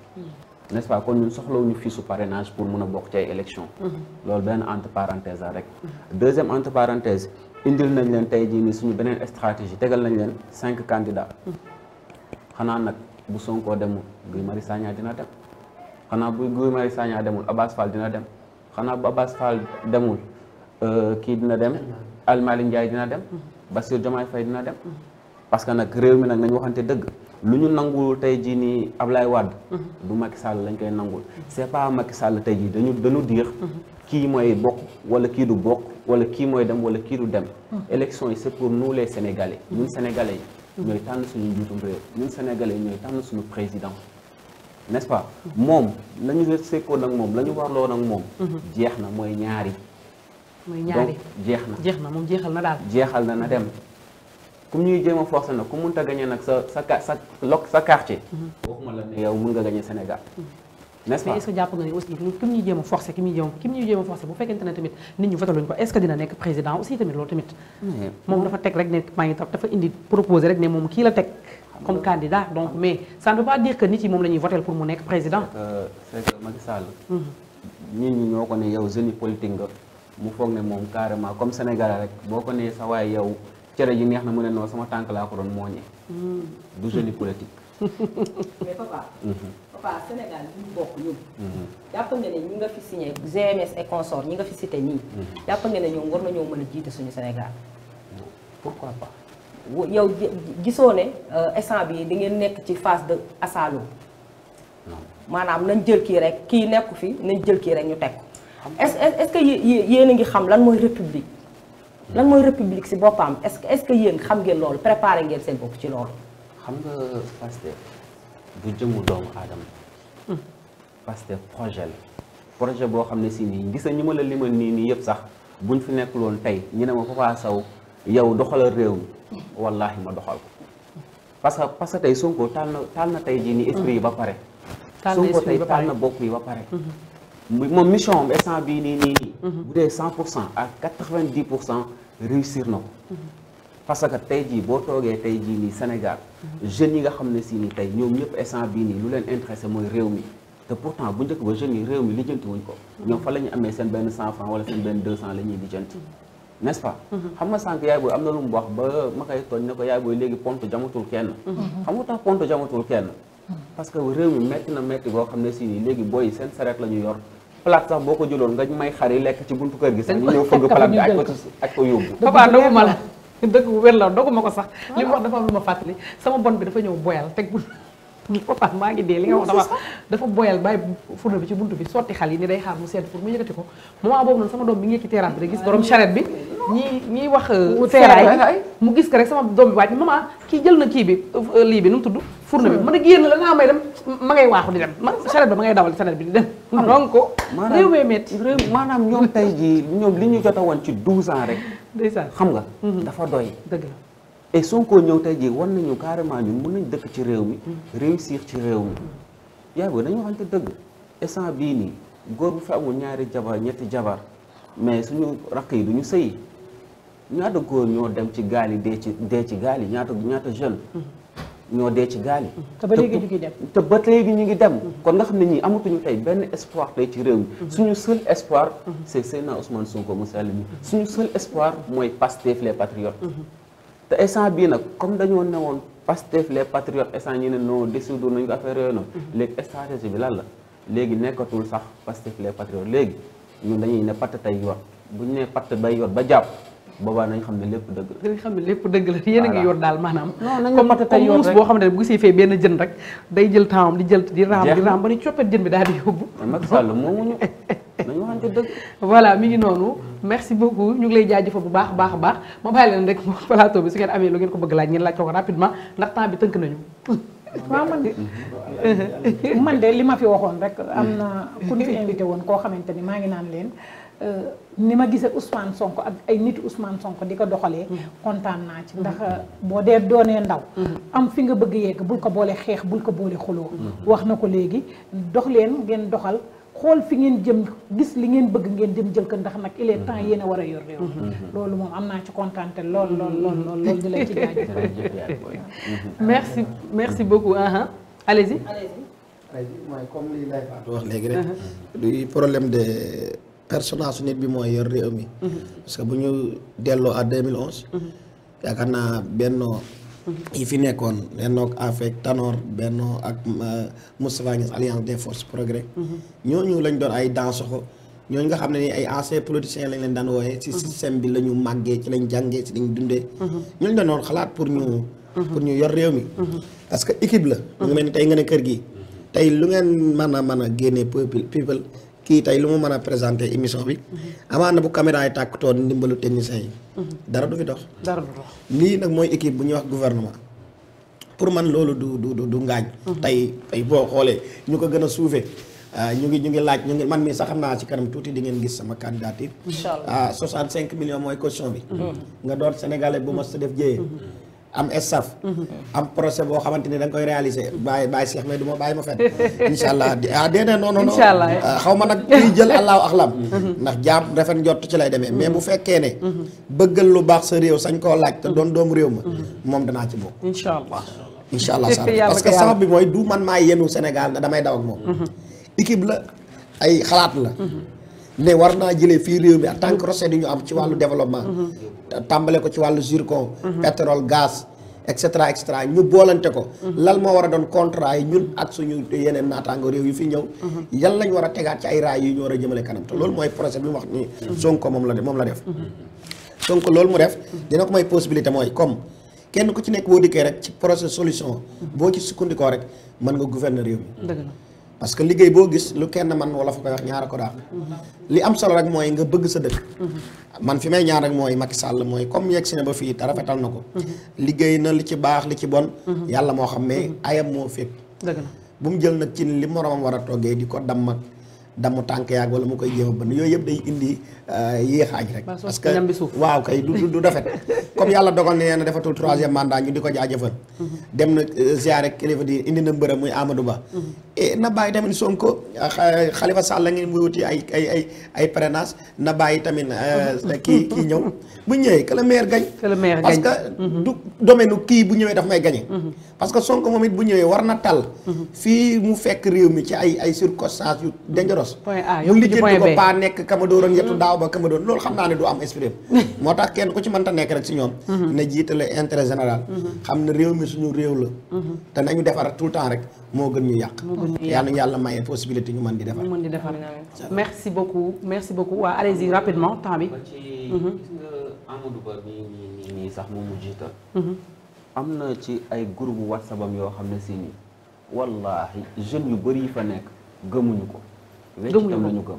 n'est-ce pas kon ñun soxlawuñu fiisu parrainage pour mun a bokk ci ay loolu benn entre parenthèse rek. deuxième entre parenthèse nañ leen tey jii nii suñu beneen stratégie tegal nañ leen cinq candidats. xanaa nag bu sonkoo demul Guy Marius Sagna dina dem xanaa buy Guy Marius Sagna demul Abass Fall dina dem xanaa bu Abass Fall demul euh, kii dina dem Almali Ndiaye dina dem Bassirou Diomaye fay dina dem parce que nag réew mi nag nañu waxante dëgg lu ñu nangul tey jii nii Ablaye Wade du Macky Sall lañ koy nangul c'est pas Macky Sall tey jii dañu dañu diir kii mooy bokk wala kii du bokk wala kii mooy dem wala kii du dem élection yi c'est pour nous les Sénégalais ñooy tànn suñu njiitum réew ñun sénégalais ñooy tànn suñu président n'est-ce pas moom la ñu sekkoon ak moom la ñu warloon ak moom mhm. jeex na mooy ñaari mooy ñaari jeex na jeex na moom jeexal na daal jeexal na na dem comme ñuy jéem a forcé nag ku mënta gañe nag sa sa sa sa quartier mhm. waxuma la ne yow mën nga gañe Sénégal mhm. nest mais est-ce que jàpp nga ni aussi kim ñuy jéem a forcé ki muy jéem kim ñuy bu fekkente ne tamit nit ñi votaluñ ko est-ce que dina nekk président aussi tamit loolu tamit moom dafa teg rek ne maa ngi dafa indi proposé rek ne moom kii la teg comme candidat donc mais ça ne pas dire que nit euh, mhm. ñi ñoo ko ne yow jeune politique nga mu foog ne moom carrément comme Sénégal rek boo ko nee sa waaye yow cere ji neex na mu ne noonu sama tànk laa ko doon mooñee mhm. du jeune pas Sénégal ñu bokk ñun. Mhm. jàpp nga ne ñi nga fi signé GMS et consort ñi nga fi cité nii. Mhm. jàpp nga ne ñoom war nañoo mën a jiite suñu Sénégal. pourquoi pas. yow gisoo ne euh, instant bi di ngeen nekk ci phase de asalo maanaam nañ jël kii rek kii nekku fi nañ jël kii rek ñu teg es est est-ce que yéen a ngi xam lan mooy république hmm. lan mooy république si boppam est-ce que est-ce que yéen xam ngeen loolu préparé ngeen seen bopp ci loolu xam nga Pastef bu jëmu doomu aadama hmm. parce que projet la projet boo xam ne si nii gis ñu ma la limal nii nii yëpp sax buñ fi nekk loon tey ñu ne ma Papa saw yow doxalal réew mi wallaahi ma doxal ko parce que parce que tey Sonko taal na taal na tey jii nii hmm. esprit yi ba pare Sonko tey taal na bopp yi ba pare hmm. moom mission am bii nii nii bu dee cent pour cent ak quatre-vingt-dix pour cent réussir na ko parce que tey jii boo toogee tey jii nii Sénégal jeunes yi nga xam ne si nii tey ñoom ñëpp instant bii nii lu leen intéressé mooy réew mi te pourtant bu njëkk ba jeune yi réew mi lijjanti wuñ ko ñoom fa la ñu amee seen benn 100 francs wala seen benn 200 la ñuy lijjanti n'est-ce pas xam nga sànq yaay booy am na lu mu wax ba ma koy tooñ ne ko yaay booy léegi pont jamatul kenn xam nga tax pont jamatul kenn parce que réew mi metti na metti boo xam ne si léegi booy seen sareet la ñu yor palaat boo ko jëloon nga may xar lekk ci buntu kër gi sax ñu ñëw fëgg palaat dëgg bu wér la doguma ko sax li mu wax dafa lu ma fàttali sama bon bi dafa ñëw boyal teg bu papa maa ngi dee li nga wax dafa dafa boyal bàyyi fourneau bi ci bunt bi sotti xal yi ni day xaar mu sedd pour mu yëkkati ko moment boobu noonu sama doom bi ngi ci terrasse bi rek gis borom charrette bi ñii ñiy wax seeraay euh, mu gis ko rek sama doom bi wàcc kii jël na kii bi euh, lii bi nu tudd fourneau bi mën hmm. a génn la naa may dem ma ngay waaxu di dem ma charrette ba ma ngay dawal charrette bi dem maanaam ñoom tey jii ñoom li ñu jot woon ci 12 ans rek xam nga hmm. dafa doy dëgg la et Sonko ñëw tey jii wan nañu carrément ñun mun nañu dëkk ci réew mi réussir ci réew mi yaay booy dañu waxante dëgg instant bii nii góor bu ñaari jabar ñetti jabar mais suñu rakk yi duñu sëyi ñaata góor ñoo dem ci gaal yi dee ci dee ci gaal yi ñaata ñaata jeune ñoo dee ci gaal yi te ba ñu ngi dem te ba léegi ñu ngi dem mm-hmm. kon nga xam ne ñii amatuñu tey benn espoir tey ci réew mi mm-hmm. suñu seul espoir mm-hmm. c'est Seydina Ousmane Sonko mu sell mi suñu seul espoir mooy Pastef les patriotes te instant bii nag comme dañoo newoon Pastef les patriotes instant ñi ne non dissoudre nañ ko affaire yooyu noonu. Mhm. léegi stratégie bi lan la léegi nekkatul sax Pastef les patriotes léegi ñun dañuy ne patt tey yor bu ñu nee patt bay yor ba jàpp. boobaa nañ xam ne lépp dëgg la dañ xam ne lépp dëgg la yéen a ngi yor daal maanaam comme comme muus boo xam ne bu gisee fee benn jën rek day jël tempsam di jël di raam di raam ba ni coppet jën bi daal di yóbbu Macky Sall merci beaucoup ñu ngi lay jaajëfal bu baax baax a baax ma bàyyi leen rek plateau bi su ngeen amee lu ngeen ko bëgg laaj ngeen laaj ko rapidement ndax temps bi tënk nañu. waaw man de li ma fi waxoon rek am na ku ñu invité woon koo xamante ni maa ngi naan leen euh, ni ma gisee Ousmane sonk ak ay nit Ousmane sonk di ko doxalee mm-hmm. kontaan naa ci ndax mm-hmm. euh, boo dee doonee ndaw mm-hmm. am fi nga bëgg yegg bul ko boole xeex bul ko boole xuloo wax na ko léegi dox leen ngeen doxal xool fi ngeen jëm gis li ngeen bëgg ngeen dem jël ko ndax nag il est temps mm-hmm. yéen a war a yor réew mm-hmm. Mm-hmm. loolu moom am naa ci kontaante lool lool lool lool loolu di la ci jaajëfal merci merci beaucoup aha ah. allez mooy comme li lay faatu wax léegi rek du ah, ah. problème de personnage nit bi mooy yor réew mi parce que bu ñu delloo à 2011 yaakaar naa benn yi fi nekkoon Benno ak AFEC Tanor Benno ak Moustapha Niasse alliance des forces progrès mhm. ñooñu lañ doon ay dansoxo ñooñu nga xam ne ni ay anciens politiciens lañ leen daan wooyee ci mhm. système bi la ñu màggee ci lañ jàngee ci lañ dundee mhm. ñu lañ doon xalaat pour ñu pour ñu yor réew mi parce que équipe la mu ngi mel tey nga ne kër gi tey lu ngeen mën a mën a génnee people kii tey lu mu mën a présenté émission bi. Mhm. amaana bu caméra yi tàkkutoon ndimbalu technicien yi. Mhm. dara du fi dox. dara lii nag mooy équipe bu ñuy wax gouvernement. pour man loolu du du du du ngaañ. Mhm. tey tey boo xoolee ñu ko gën a suufee ah, ñu ngi ñu ngi laaj ñu ngi man mii sax xam naa ci kanam tuuti di ngeen gis sama candidature. incha allah ah 65 millions mooy caution bi. nga doon sénégalais bu sa def jëyee. am staff. am projet boo xamante ni da koy réaliser. bàyyi bàyyi Cheikh mais du ma bàyyi ma fenn. incha allah ah déedéet non non non. Ah, xaw ma nag kuy jël allahu axlam. ndax jaam rafet njott ci lay demee. mais bu fekkee ne. bëggal lu baax sa réew sañ koo laaj te doon doomu réew ma. moom danaa ci bokk. incha allah incha parce que sabab bi mooy du man maa yenu Sénégal damay daw ak moom. Mhm. équipe la ay xalaat la. ne war naa jëlee fii réew mi en tant que recette ñu am ci wàllu développement. Mm-hmm. tàmbale ko ci wàllu zircon. Mm-hmm. pétrole gaz. et cetera et cetera ñu boolante ko. Mm-hmm. lan moo war a doon contrat yi ñun ak suñu yeneen naataango réew yu fi ñëw. yan lañ war a tegaat ci ay raay yi ñu war a jëmale kanam te loolu mooy projet bi mu wax nii. Sonko moom la moom la def. Sonko loolu mu def. dina ko may possibilité mooy comme kenn ku ci nekk boo dikkee rek ci projet solution. boo ci sukkandikoo rek mën nga gouverner réew mi. parce que liggéey boo gis lu kenn man wala fa koy ñaar ñaara ko daal li am solo rek mooy nga bëgg sa dëkk man fi may ñaan rek mooy Macky sàll mooy comme yegg si na ba fii te rafetal na ko liggéey na li ci baax li ci bon yàlla moo xam ne ayam moo fépp bu mu jël nag cin li moromam war a toggee di ko damm ak damu tànk yaag wala mu koy jéem a bënn yooyu yëpp day indi Euh, yéex aj rek parce que waaw kay du du defet comme yàlla dogal ne na defatul troisième mandat ñu di ko jaajëfal mhm. dem na euh, ziare kilifa di indi na mbërëm muy Amadou Ba mhm. eh, na bàyyi tamit Sonko euh, Khalifa Sall la ngeen muy wuti ay ay ay ay parrainage na bàyyi tamit mhm. kii kii ñëw bu ñëwee que gañ parce que du kii bu ñëwee daf may gañe parce que Sonko moom it bu ñëwee war na tal fii mu fekk réew mi ci ay ay circonstances yu dangereuses mu lijjanti ko paa nekk kama dooroon gaaw ba kama doon loolu xam naa ne du am esprit moo tax kenn ku ci mënta nekk rek si ñoom mhm. na jiitale intérêt général mhm. xam ne réew mi suñu réew la mhm. te nañu defar tout le temps rek moo gën ñu yàq yàlla ñu yàlla maye possibilité ñu man di defar mën di defar merci beaucoup merci beaucoup waaw allez-y rapidement temps bi ci gis nga Amadou Ba am na ci ay groupe whatsapp am yoo xam ne si nii wallahi jeunes yu bëri yi fa nekk gëmuñu ko wecc tam lañu ko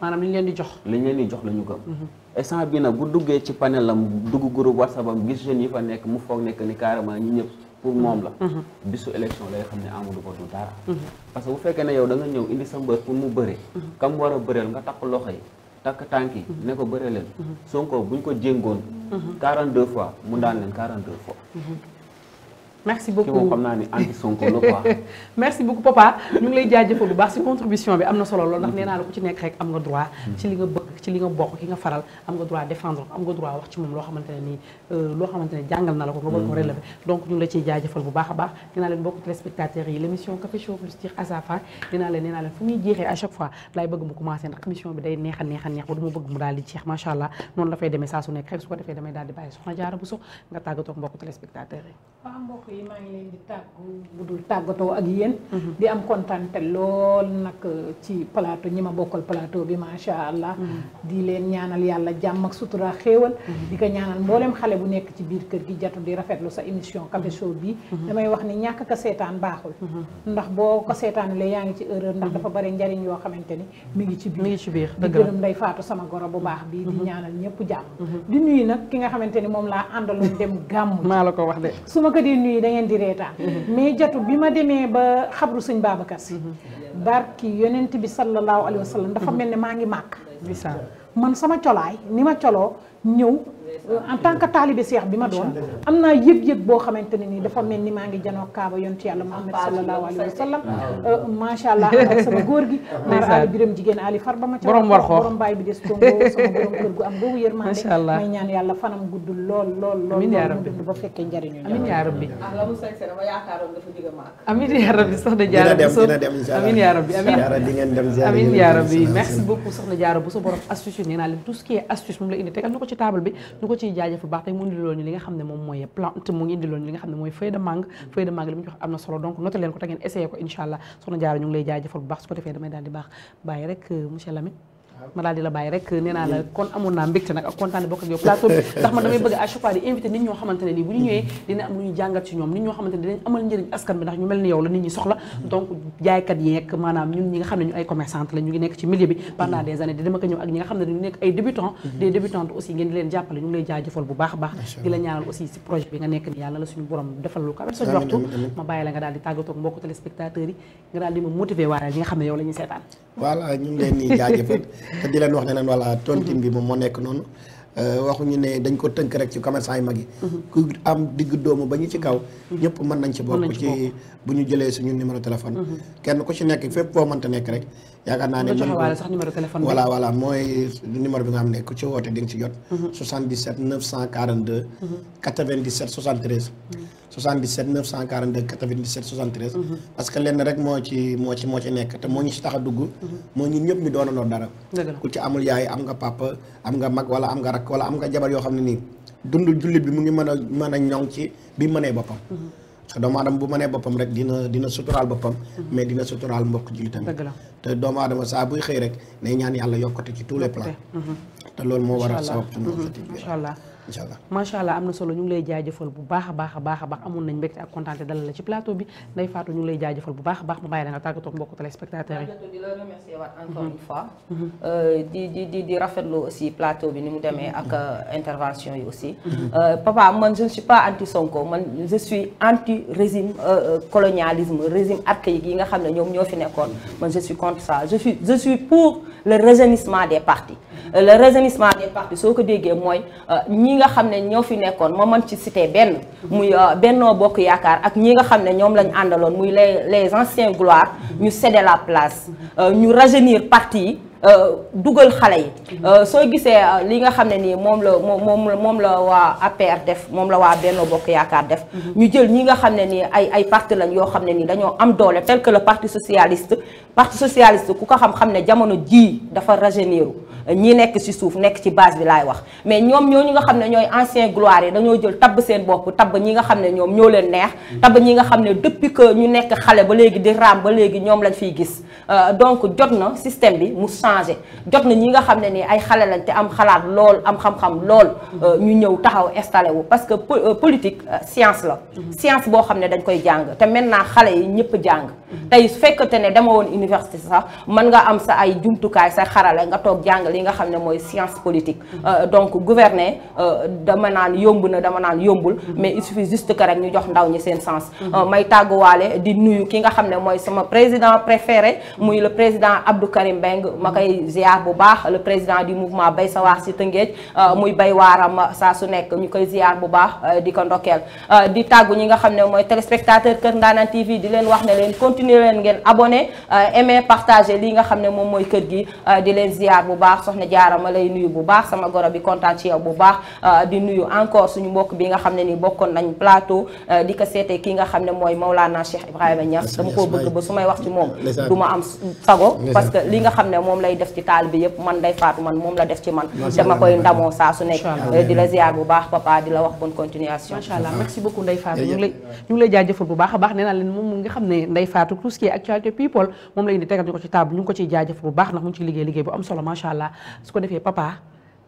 maanaam li leen di jox. li ñu leen di jox la ñu gëm. Mhm. instant bi nag bu duggee ci panel am dugg groupe whatsapp am gis jeunes yi fa nekk mu foog nekk ni carrément ñi ñëpp pour moom la. Mhm. bisu élection lay xam ne Amadou Ba du dara. Mhm. parce que bu fekkee ne yow da nga ñëw indi sa mbër pour mu bëre. kam war a bëreel nga takk loxo yi. takk tànk yi ne ko bëre leen. Sonko buñ ko jéngoon. 42 fois mu daan leen 42 fois. merci beaucoup kii moom xam papa ñu ngi lay jaajëfal bu baax si contribution bi am na solo lool ndax nee naa la ku ci nekk rek am nga droit. Mm-hmm. ci li nga bëgg ci li nga bokk ki nga faral am nga droit défendre am nga droit ci moom loo xamante ne nii euh, loo xamante ne jàngal na la ko nga bëgg ko mm-hmm. relever donc ñu ngi la ciy jaajëfal a baax nee naa leen nee nee naa leen fu muy jeexee à chaque fois bëgg mu commencé ndax émission bi day neex a neex a neex ba du ma bëgg ko defee damay daal di bàyyi soxna jaara bu sox nga tàggatoo mbokku téléspectateurs yi yi maa ngi leen di bu dul tàggatoo ak yéen. Mm-hmm. di am kontaan te lool nag ci plateau ñi ma bokkal plateau bi macha allah. Mm-hmm. di leen ñaanal yàlla jàmm ak sutura xéewal. Mm-hmm. di ko ñaanal mboolem xale bu nekk ci biir kër gi jatu di rafetlu sa émission Café Show bi. damay wax ni ñàkk ko seetaan baaxul. ndax boo ko seetaanalee yaa ngi ci erreur ndax dafa bari njariñ yoo xamante ni mi ngi ci biir. mi dëgg la di gërëm nday faatu sama goro bu baax bi. di ñaanal ñëpp jàmm. di nuyu nag ki nga xamante ni moom laa àndaloon dem gàmm. maa wax yi da ngeen di reetaan mhm. mais jatu bi ma demee ba xabru sëñ Babacar Si mhm. barki yonent bi sallallahu alayhi wa dafa mhm. mel ne maa ngi màkk man sama colaay ni ma coloo ñëw Euh, en tant que taalibe seex bi ma doon boo xamante ne nii dafa mel maa ngi janoo kaaba yontu yàlla muhammad sallallahu alayhi wa sallam euh, macha allah ak sama góor gi naar ba ma ca borom war baay bi des tongo sama borom ñaan yàlla fanam gudd lool lool lool amiin yaa rabbi ba fekkee njëriñu amiin yaa rabbi ah, la mu sañ sama yaakaaroon dafa jóge maak amiin yaa rabbi soxna jaara buso amiin yaa rabbi amiin amiin yaa rabbi merci beaucoup soxna jaara buso borom astuce nee naa leen tout qui est astuce moom la indi tegal ñu ko ci bi ñu ko ci jaajëf bu baax tey mu indiloon ñu li nga xam ne moom mooy plante mu ngi indiloon ñu li nga xam ne mooy feuille de mangue mm. feuille de mangue li mu ci wax am na solo donc noté ko te ngeen essayé ko incha allah soxna Diarra ñu ngi lay jaajëfal bu baax su ko defee damay daal di baax bàyyi rek euh, monsieur Lamine ma daal di la bàyyi rek euh, nee la kon amoon naa mbégte nag ak kontaan bokk ko mhm. defal lu kawe sa waxtu ma bàyyi la nga daal di tàggatoo ak mbokku téléspectateurs yi nga daal di ma motiver waaye ñi nga xam ne yow la seetaan te di leen wax ne leen voilà tontine bi moom moo nekk noonu euh, waxuñu ne dañ ko tënk rek ci commerçant yi mag yi mm-hmm. ku am diggu doomu ba ñu ci kaw mm-hmm. ñëpp mën nañ ci bokk ci bu ñu jëlee suñu numéro téléphone mm-hmm. kenn ku ci nekk fépp foo mënta nekk rek yaakaar naa ne mën sax numéro téléphone voilà voilà mooy ne ku ci woote di nga ci jot 77 942 97 73 77 942 rek moo moo ci moo ci nekk te moo ñu si tax a dugg mhm. moo ñun ñëpp ñu doonandoo dara ku ci amul yaay am nga papa am mag wala nga rakk wala am nga jabar yoo xam ne nii dund jullit bi mu ngi mën a mën a ñoŋ ci bi mënee boppam mhm. doomu aadama bu mënee boppam rek dina dina suturaal boppam mhm. mais dina suturaal mbokk jullitam te doomu aadama saa buy xëy rek ne ñaan yàlla yokkute ci tous les plans mhm. te loolu moo waral sabab sunu fatigue bi incha allah macha allah am na solo ñu ngi lay jaajëfal bu baax a baax a baax a baax amoon nañ mbégte ak kontaan dalal la ci plateau bi Ndeye Fatou ñu ngi lay jaajëfal bu baax a baax ma bàyyi la nga tàggatoo mbokku téléspectateurs yi di la remercier mhm. mhm. euh, aussi plateau bi ni mu demee ak mhm. euh, intervention yi aussi euh, papa man je ne suis pas anti Sonko man je suis anti régime colonialisme régime archaïque yi nga xam ne ñoom ñoo fi nekkoon man je suis contre je suis pour le rajeunissement des partis euh, le rajeunissement des partis soo ko déggee mooy euh, ñi nga xam ne ñoo fi nekkoon ma man ci cité benn muy euh, bennoo bokk yaakaar ak ñi nga xam ne ñoom lañ àndaloon muy les les anciens gloires ñu céder la place ñu rajeunir parti yi Euh, dugal xale yi. Euh, soo gisee euh, li nga xam ne nii moom la moom moom la waa APR def moom la waa Benno Bokk Yaakaar def. Mhm. ñu jël ñi nga xam ne nii ay ay parti lañ yoo xam ne nii dañoo am doole tel que le parti socialiste parti socialiste ku ko xam-xam ne jamono jii dafa régénéru ñi nekk ci suuf nekk ci base bi laay wax mais ñoom ñoo ñooñu nga xam ne ñooy ancien gloire yi dañoo jël tabb seen bopp tabb ñi nga xam ne ñoom ñoo leen neex tabb ñi nga xam ne depuis que ñu nekk xale ba léegi di raam ba léegi ñoom lañ fiy gis euh, donc jot na système bi mu changé jot na ñi nga xam ne nii ay xale lañ te am xalaat lool am xam-xam lool euh, ñu ñëw taxaw installé wu parce que euh, politique science la science boo xam ne dañ koy jàng te maintenant xale yi ñëpp jàng tey fekkate ne dama woon université sax mën nga am sa ay jumtukaay sa xarala nga toog jàngale li nga xam ne mooy science politique euh, donc gouverner euh, dama naan yomb na dama naan yombul mais il suffit juste que rek ñu jox ndaw ñi seen sens euh, may tàgguwaale di nuyu ki nga xam ne mooy sama président préféré muy le président Abdou Karim Mbengue ma koy ziar bu baax le président du mouvement bay sa waar si Tëngéej muy bay waaram saa su nekk ñu koy ziar bu baax di ko ndokkeel di tàggu ñi nga xam ne mooy téléspectateur Kër Ndaanaan TV di leen wax ne leen continuer leen ngeen abonné aimer gi soxna Diarra ma lay nuyu bu baax sama goro bi kontaan ci yow bu baax euh, di nuyu encore suñu mbokk bi nga xam ne ni bokkoon nañ plateau euh, di ko seetee ki nga xam ne mooy Maulana Cheikh Ibrahima Niass dama koo bëgg ba su may wax ci moom du ma am sago parce que li nga xam ne moom lay def ci taal bi yëpp man day faatu man moom la def ci man dama koy ndamoo saa su nekk euh, di la ziar bu baax papa di la wax bonne continuation macha allah merci beaucoup Ndeye Fatou ñu ngi lay ñu ngi lay jaajëfal bu baax a baax nee naa leen moom nga xam ne Ndeye Fatou tout ce qui est actualité people moom la indi tegal ñu ko ci table ñu ngi ko ciy jaajëfal bu baax ndax mu ngi ciy liggéey liggéey bu am solo macha allah voilà su ko defee papa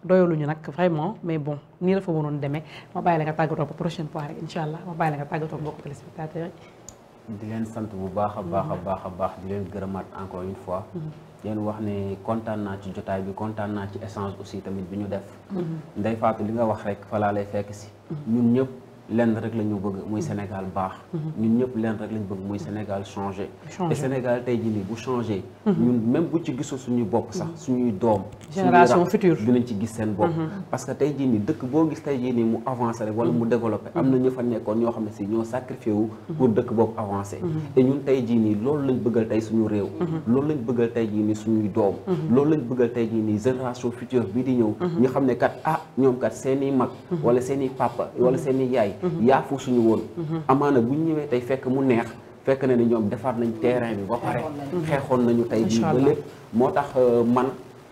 doyaluñu nag vraiment mais bon nii la fa waroon demee ma bàyyi nga tàggatoo ba prochaine fois rek incha allah ma bàyyi la nga tàggatoo mbokku téléspectateurs yi. di leen sant bu baax a baax a mm-hmm. baax a baax di leen gërëmaat encore une fois. Mm-hmm. leen wax ne kontaan naa ci jotaay bi kontaan naa ci échange aussi tamit bi ñu def. Mm-hmm. Ndeye Fatou li nga wax rek fa laa lay fekk si. ñun ñëpp. lenn rek la ñu bëgg muy Sénégal baax ñun ñëpp lenn rek lañu bëgg muy Sénégal changé te Sénégal tey jii nii bu changé ñun même bu ci gisul suñu bopp sax suñuy doom génération future dinañ ci gis seen bopp mhm. parce que tey jii nii dëkk boo gis tey jii mu avancé wala mu mhm. développé am na ñu fa nekkoon ñoo xam ne si ñoo sacrifié wu pour mhm. dëkk boobu avancé te ñun tey jii nii loolu lañ bëggal tey suñu réew loolu lañ bëggal tey jii nii suñuy doom loolu lañ bëggal tey jii nii génération future bii di ñëw ñu xam ne kat ah ñoom kat seen i mag wala seen i papa wala seen yaay Mm-hmm. yaafu suñu woon mm-hmm. amaana bu ñu ñëwee tey fekk mu neex fekk na ni ñoom defar nañ terrain bi ba pare xeexoon nañu tey bii ba lépp moo tax euh, man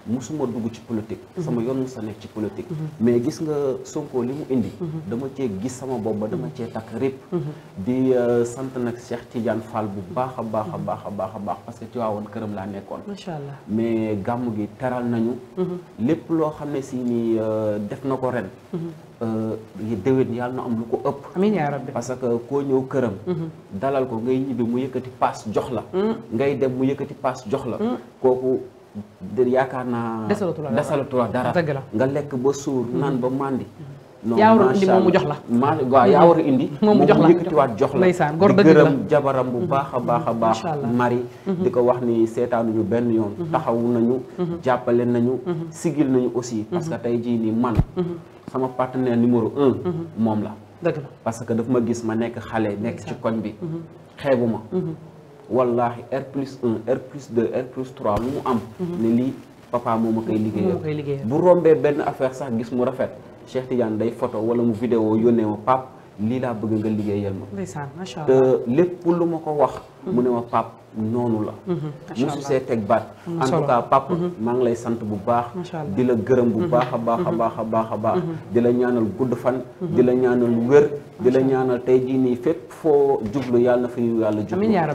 musuma dugg ci politique. Mhm. sama yoon sa nekk ci politique. Mhm. mais gis nga Sonko li mu indi. Mhm. dama cee gis sama bopp ba dama cee takk rip. di euh, sant nag Cheikh Tidiane Fall bu baax a baax a baax a baax a baax parce que ci waawoon këram laa nekkoon. macha allah mais gàmm gi teral nañu. lépp loo xam ne si ni euh, def na ko ren. Euh, déwén yàlla na am lu ko ëpp. amiin yaa rabbi parce que koo ñëw këram. dalal ko ngay ñibbi mu yëkkati paas jox la. Mm. ngay dem mu yëkkati paas jox la. Mm. kooku. yaakaar naa. desalatu la dara dëgg la nga lekk ba suur mm-hmm. naan ba màndi. yaa a indi mu jox la ma waaw yaa war a indi moom mu mm-hmm. jox la yëkkatiwaat jox la ndeysaan góor gërëm jabaram bu mm-hmm. baax a baax a baax mari di ko wax ni seetaanuñu benn yoon taxawu nañu jàppale nañu sigil nañu aussi parce que tey jii nii man sama partenaire numéro un moom la dëgg parce que daf ma gis ma nekk xale nekk ci koñ bi xeebu ma wallaahi R plus 1 plus de R plus 3 lu mu am. Mhm. ne lii papa moom ma liggéeyal. bu rombee benn affaire sax gis mu rafet Cheikh Tidiane day photo wala mu vidéo yónnee ma pap lii laa bëgg nga liggéeyal ma. ndeysaan macha allah te lépp lu ma ko wax. Mhm. mu ne ma pap noonu la. Mhm, macha allah teg baat. en tout pap maa ngi lay sant bu baax. di la gërëm bu baax a baax a baax a baax a baax. di la ñaanal gudd fan. di la ñaanal wér. di la ñaanal tey jii nii fépp foo jublu yàlla na fi yàlla jublu. amiin yaa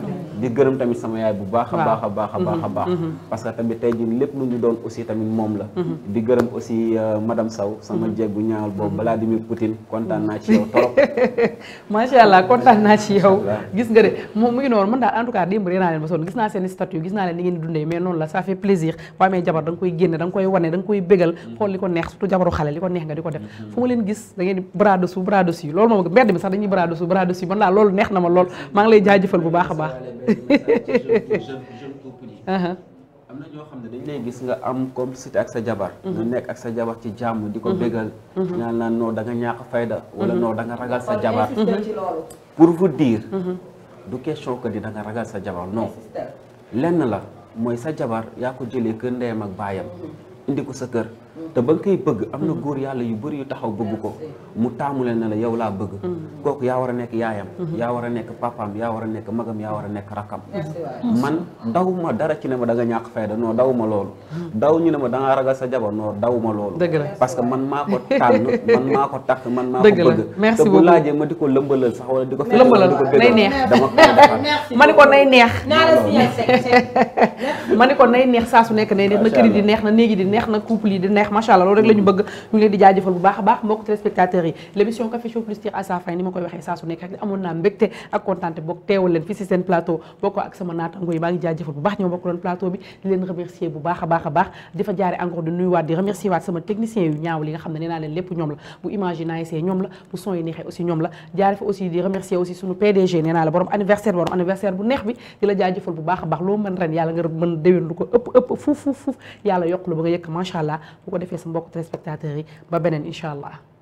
di gërëm tamit sama yaay bu baax a baax a baax mm-hmm. Mm-hmm. parce que tamit tey jii lépp lu ñu doon aussi tamit moom la mm-hmm. di gërëm aussi euh, madame sama jeeg bu boobu Vladimir Poutine kontaan naa kontaan naa ci yow gis nga de mu ngi noonu man daal en ba sonn gis naa seen statut gis naa leen di dundee mais noonu li ko neex surtout jabaru xale li ko neex nga di ko def fu ma leen gis da ngeen di bras dessous bras dessus loolu moom loolu neex na ma lool maa ngi lay jaajëfal bu baax jeune am na ñoo xam ne dañ lay gis nga am complicité ak sa jabar nga mhm. nekk ak sa jabar ci jàmm di ko mhm. bégal mhm. ñaan naan non da nga ñàkk fayda wala non da ragal sa jabar pour vous dire du question que di da ragal sa jabar non lenn la mooy sa jabar yaa ko jëlee kër ndeyam ak baayam indi ko sa kër te ba nga koy bëgg am na mm-hmm. góor yàlla yu bëri yu taxaw bëgg ko mu taamu leen la yow laa bëgg mm-hmm. kooku yaa war a nekk yaayam mm-hmm. yaa war a nekk papaam yaa war a nekk magam yaa war a nekk rakkam man daw ma dara ci da nga ñàkk fayda non daw ma loolu daw ñu ne da ngaa ragal sa jabar non daw ma loolu parce que man maa ko tànn man maa ko takk man maa ko bëgg te ma di ko lëmbalal sax ma ni ko nay neex ma ni ko nay neex saa su nekk nay neex na kër yi di neex na néegi di neex na couple yi di neex neex macha allah loolu rek la mm-hmm. bëgg ñu leen di jaajëfal bu bu baax a baax loo mën ren yàlla nga mën déwén lu ko ëpp ëpp fuuf fuuf fuuf yàlla yokk la ba nga yëkk macha bu ko defee sa mbokk téléspectateurs yi ba beneen incha allah